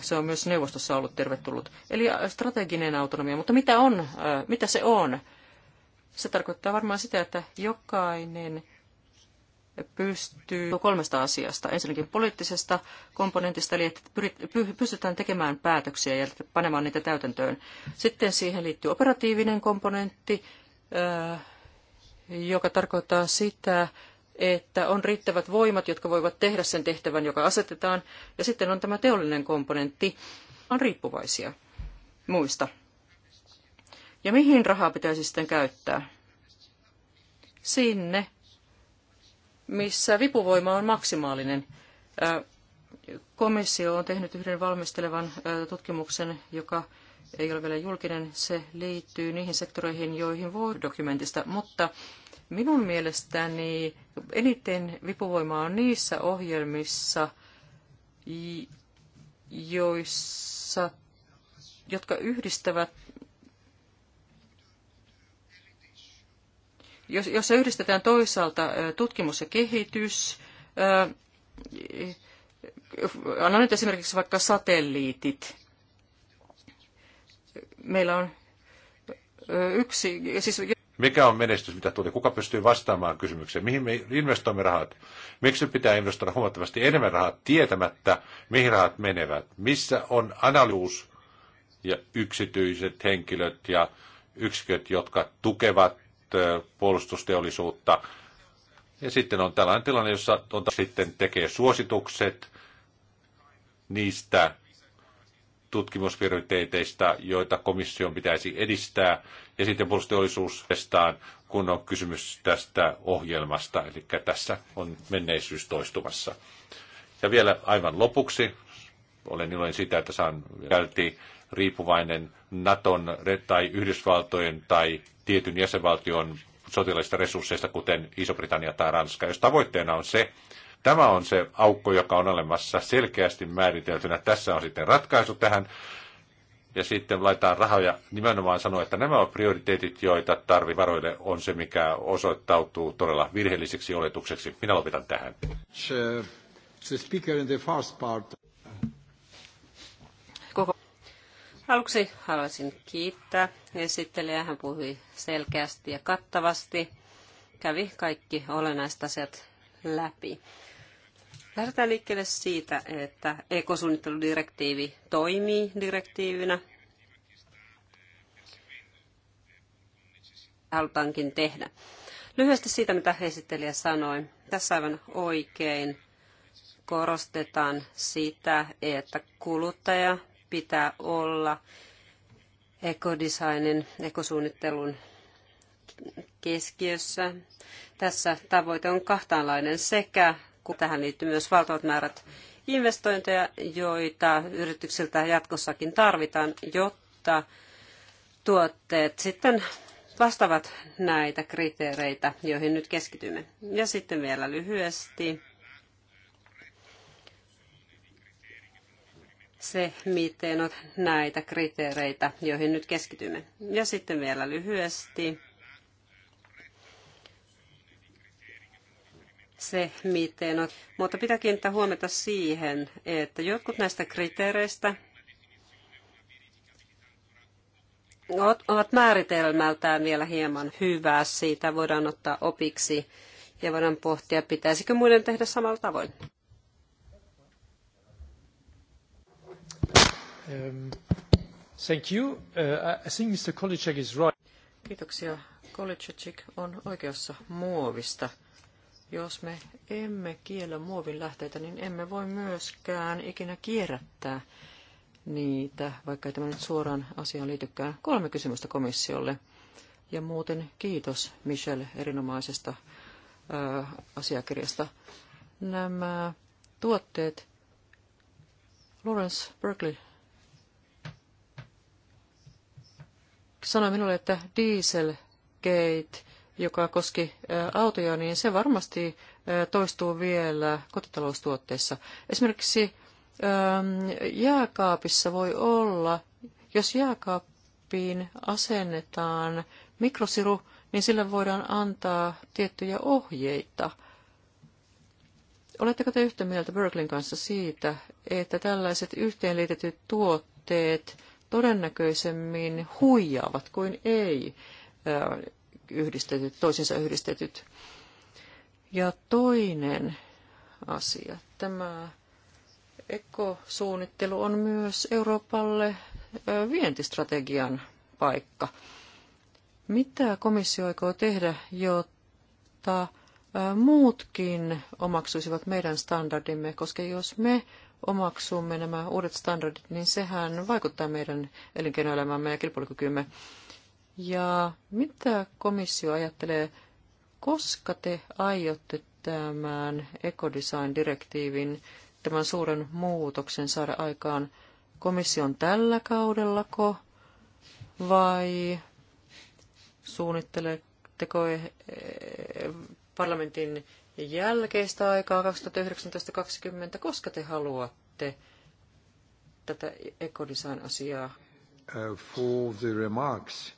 Se on myös neuvostossa ollut tervetullut. Eli strateginen autonomia, mutta mitä, on, mitä se on? Se tarkoittaa varmaan sitä, että jokainen pystyy kolmesta asiasta. Ensinnäkin poliittisesta komponentista, eli että pystytään tekemään päätöksiä ja panemaan niitä täytäntöön. Sitten siihen liittyy operatiivinen komponentti, joka tarkoittaa sitä, että on riittävät voimat, jotka voivat tehdä sen tehtävän, joka asetetaan. Ja sitten on tämä teollinen komponentti, on riippuvaisia muista ja mihin rahaa pitäisi sitten käyttää? Sinne, missä vipuvoima on maksimaalinen. Komissio on tehnyt yhden valmistelevan tutkimuksen, joka ei ole vielä julkinen. Se liittyy niihin sektoreihin, joihin voi dokumentista, mutta minun mielestäni eniten vipuvoimaa on niissä ohjelmissa, joissa, jotka yhdistävät jossa yhdistetään toisaalta tutkimus ja kehitys, annan nyt esimerkiksi vaikka satelliitit. Meillä on yksi, siis mikä on menestys, mitä tuli? Kuka pystyy vastaamaan kysymykseen? Mihin me investoimme rahat? Miksi pitää investoida huomattavasti enemmän rahaa tietämättä, mihin rahat menevät? Missä on analyys ja yksityiset henkilöt ja yksiköt, jotka tukevat puolustusteollisuutta. Ja sitten on tällainen tilanne, jossa on sitten tekee suositukset niistä tutkimusprioriteeteista, joita komission pitäisi edistää, ja sitten puolustusteollisuudestaan, kun on kysymys tästä ohjelmasta, eli tässä on menneisyys toistumassa. Ja vielä aivan lopuksi, olen iloinen sitä, että saan käyntiin riippuvainen Naton tai Yhdysvaltojen tai tietyn jäsenvaltion sotilaista resursseista, kuten Iso-Britannia tai Ranska. Jos tavoitteena on se, tämä on se aukko, joka on olemassa selkeästi määriteltynä. Tässä on sitten ratkaisu tähän. Ja sitten laitetaan rahoja nimenomaan sanoa, että nämä on prioriteetit, joita tarvivaroille on se, mikä osoittautuu todella virheelliseksi oletukseksi. Minä lopetan tähän. Aluksi haluaisin kiittää esittelijää. Hän puhui selkeästi ja kattavasti. Kävi kaikki olennaiset asiat läpi. Lähdetään liikkeelle siitä, että ekosuunnitteludirektiivi toimii direktiivinä. Halutaankin tehdä. Lyhyesti siitä, mitä esittelijä sanoi. Tässä aivan oikein korostetaan sitä, että kuluttaja pitää olla ekodesignin, ekosuunnittelun keskiössä. Tässä tavoite on kahtaanlainen sekä, kun tähän liittyy myös valtavat määrät investointeja, joita yrityksiltä jatkossakin tarvitaan, jotta tuotteet sitten vastaavat näitä kriteereitä, joihin nyt keskitymme. Ja sitten vielä lyhyesti se, miten on näitä kriteereitä, joihin nyt keskitymme. Ja sitten vielä lyhyesti se, miten on. Mutta pitää kiinnittää huomiota siihen, että jotkut näistä kriteereistä ovat määritelmältään vielä hieman hyvää. Siitä voidaan ottaa opiksi ja voidaan pohtia, pitäisikö muiden tehdä samalla tavoin. Um, thank you. Uh, I think Mr. Kolicek is right. Kiitoksia. Kolicek on oikeassa muovista. Jos me emme kiellä muovin lähteitä, niin emme voi myöskään ikinä kierrättää niitä, vaikka ei tämä nyt suoraan asiaan liitykään. Kolme kysymystä komissiolle. Ja muuten kiitos Michel erinomaisesta ö, asiakirjasta. Nämä tuotteet, Lawrence Berkeley sanoi minulle, että Dieselgate, joka koski autoja, niin se varmasti toistuu vielä kotitaloustuotteissa. Esimerkiksi jääkaapissa voi olla, jos jääkaappiin asennetaan mikrosiru, niin sillä voidaan antaa tiettyjä ohjeita. Oletteko te yhtä mieltä Berklin kanssa siitä, että tällaiset yhteenliitetyt tuotteet, todennäköisemmin huijaavat kuin ei yhdistetyt, toisinsa yhdistetyt. Ja toinen asia, tämä ekosuunnittelu on myös Euroopalle vientistrategian paikka. Mitä komissio aikoo tehdä, jotta muutkin omaksuisivat meidän standardimme, koska jos me omaksumme nämä uudet standardit, niin sehän vaikuttaa meidän elinkeinoelämämme ja kilpailukykyymme. Ja mitä komissio ajattelee, koska te aiotte tämän ekodesign-direktiivin, tämän suuren muutoksen saada aikaan komission tällä kaudellako vai suunnitteletteko eh, eh, eh, parlamentin jälkeistä aikaa 2019-2020, koska te haluatte tätä ekodesign-asiaa? Uh, for the remarks,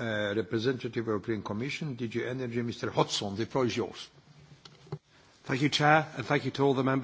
uh, representative European Commission, DG Energy, Mr. Hodgson, the floor is yours. Thank you, Chair, and thank you to all the members.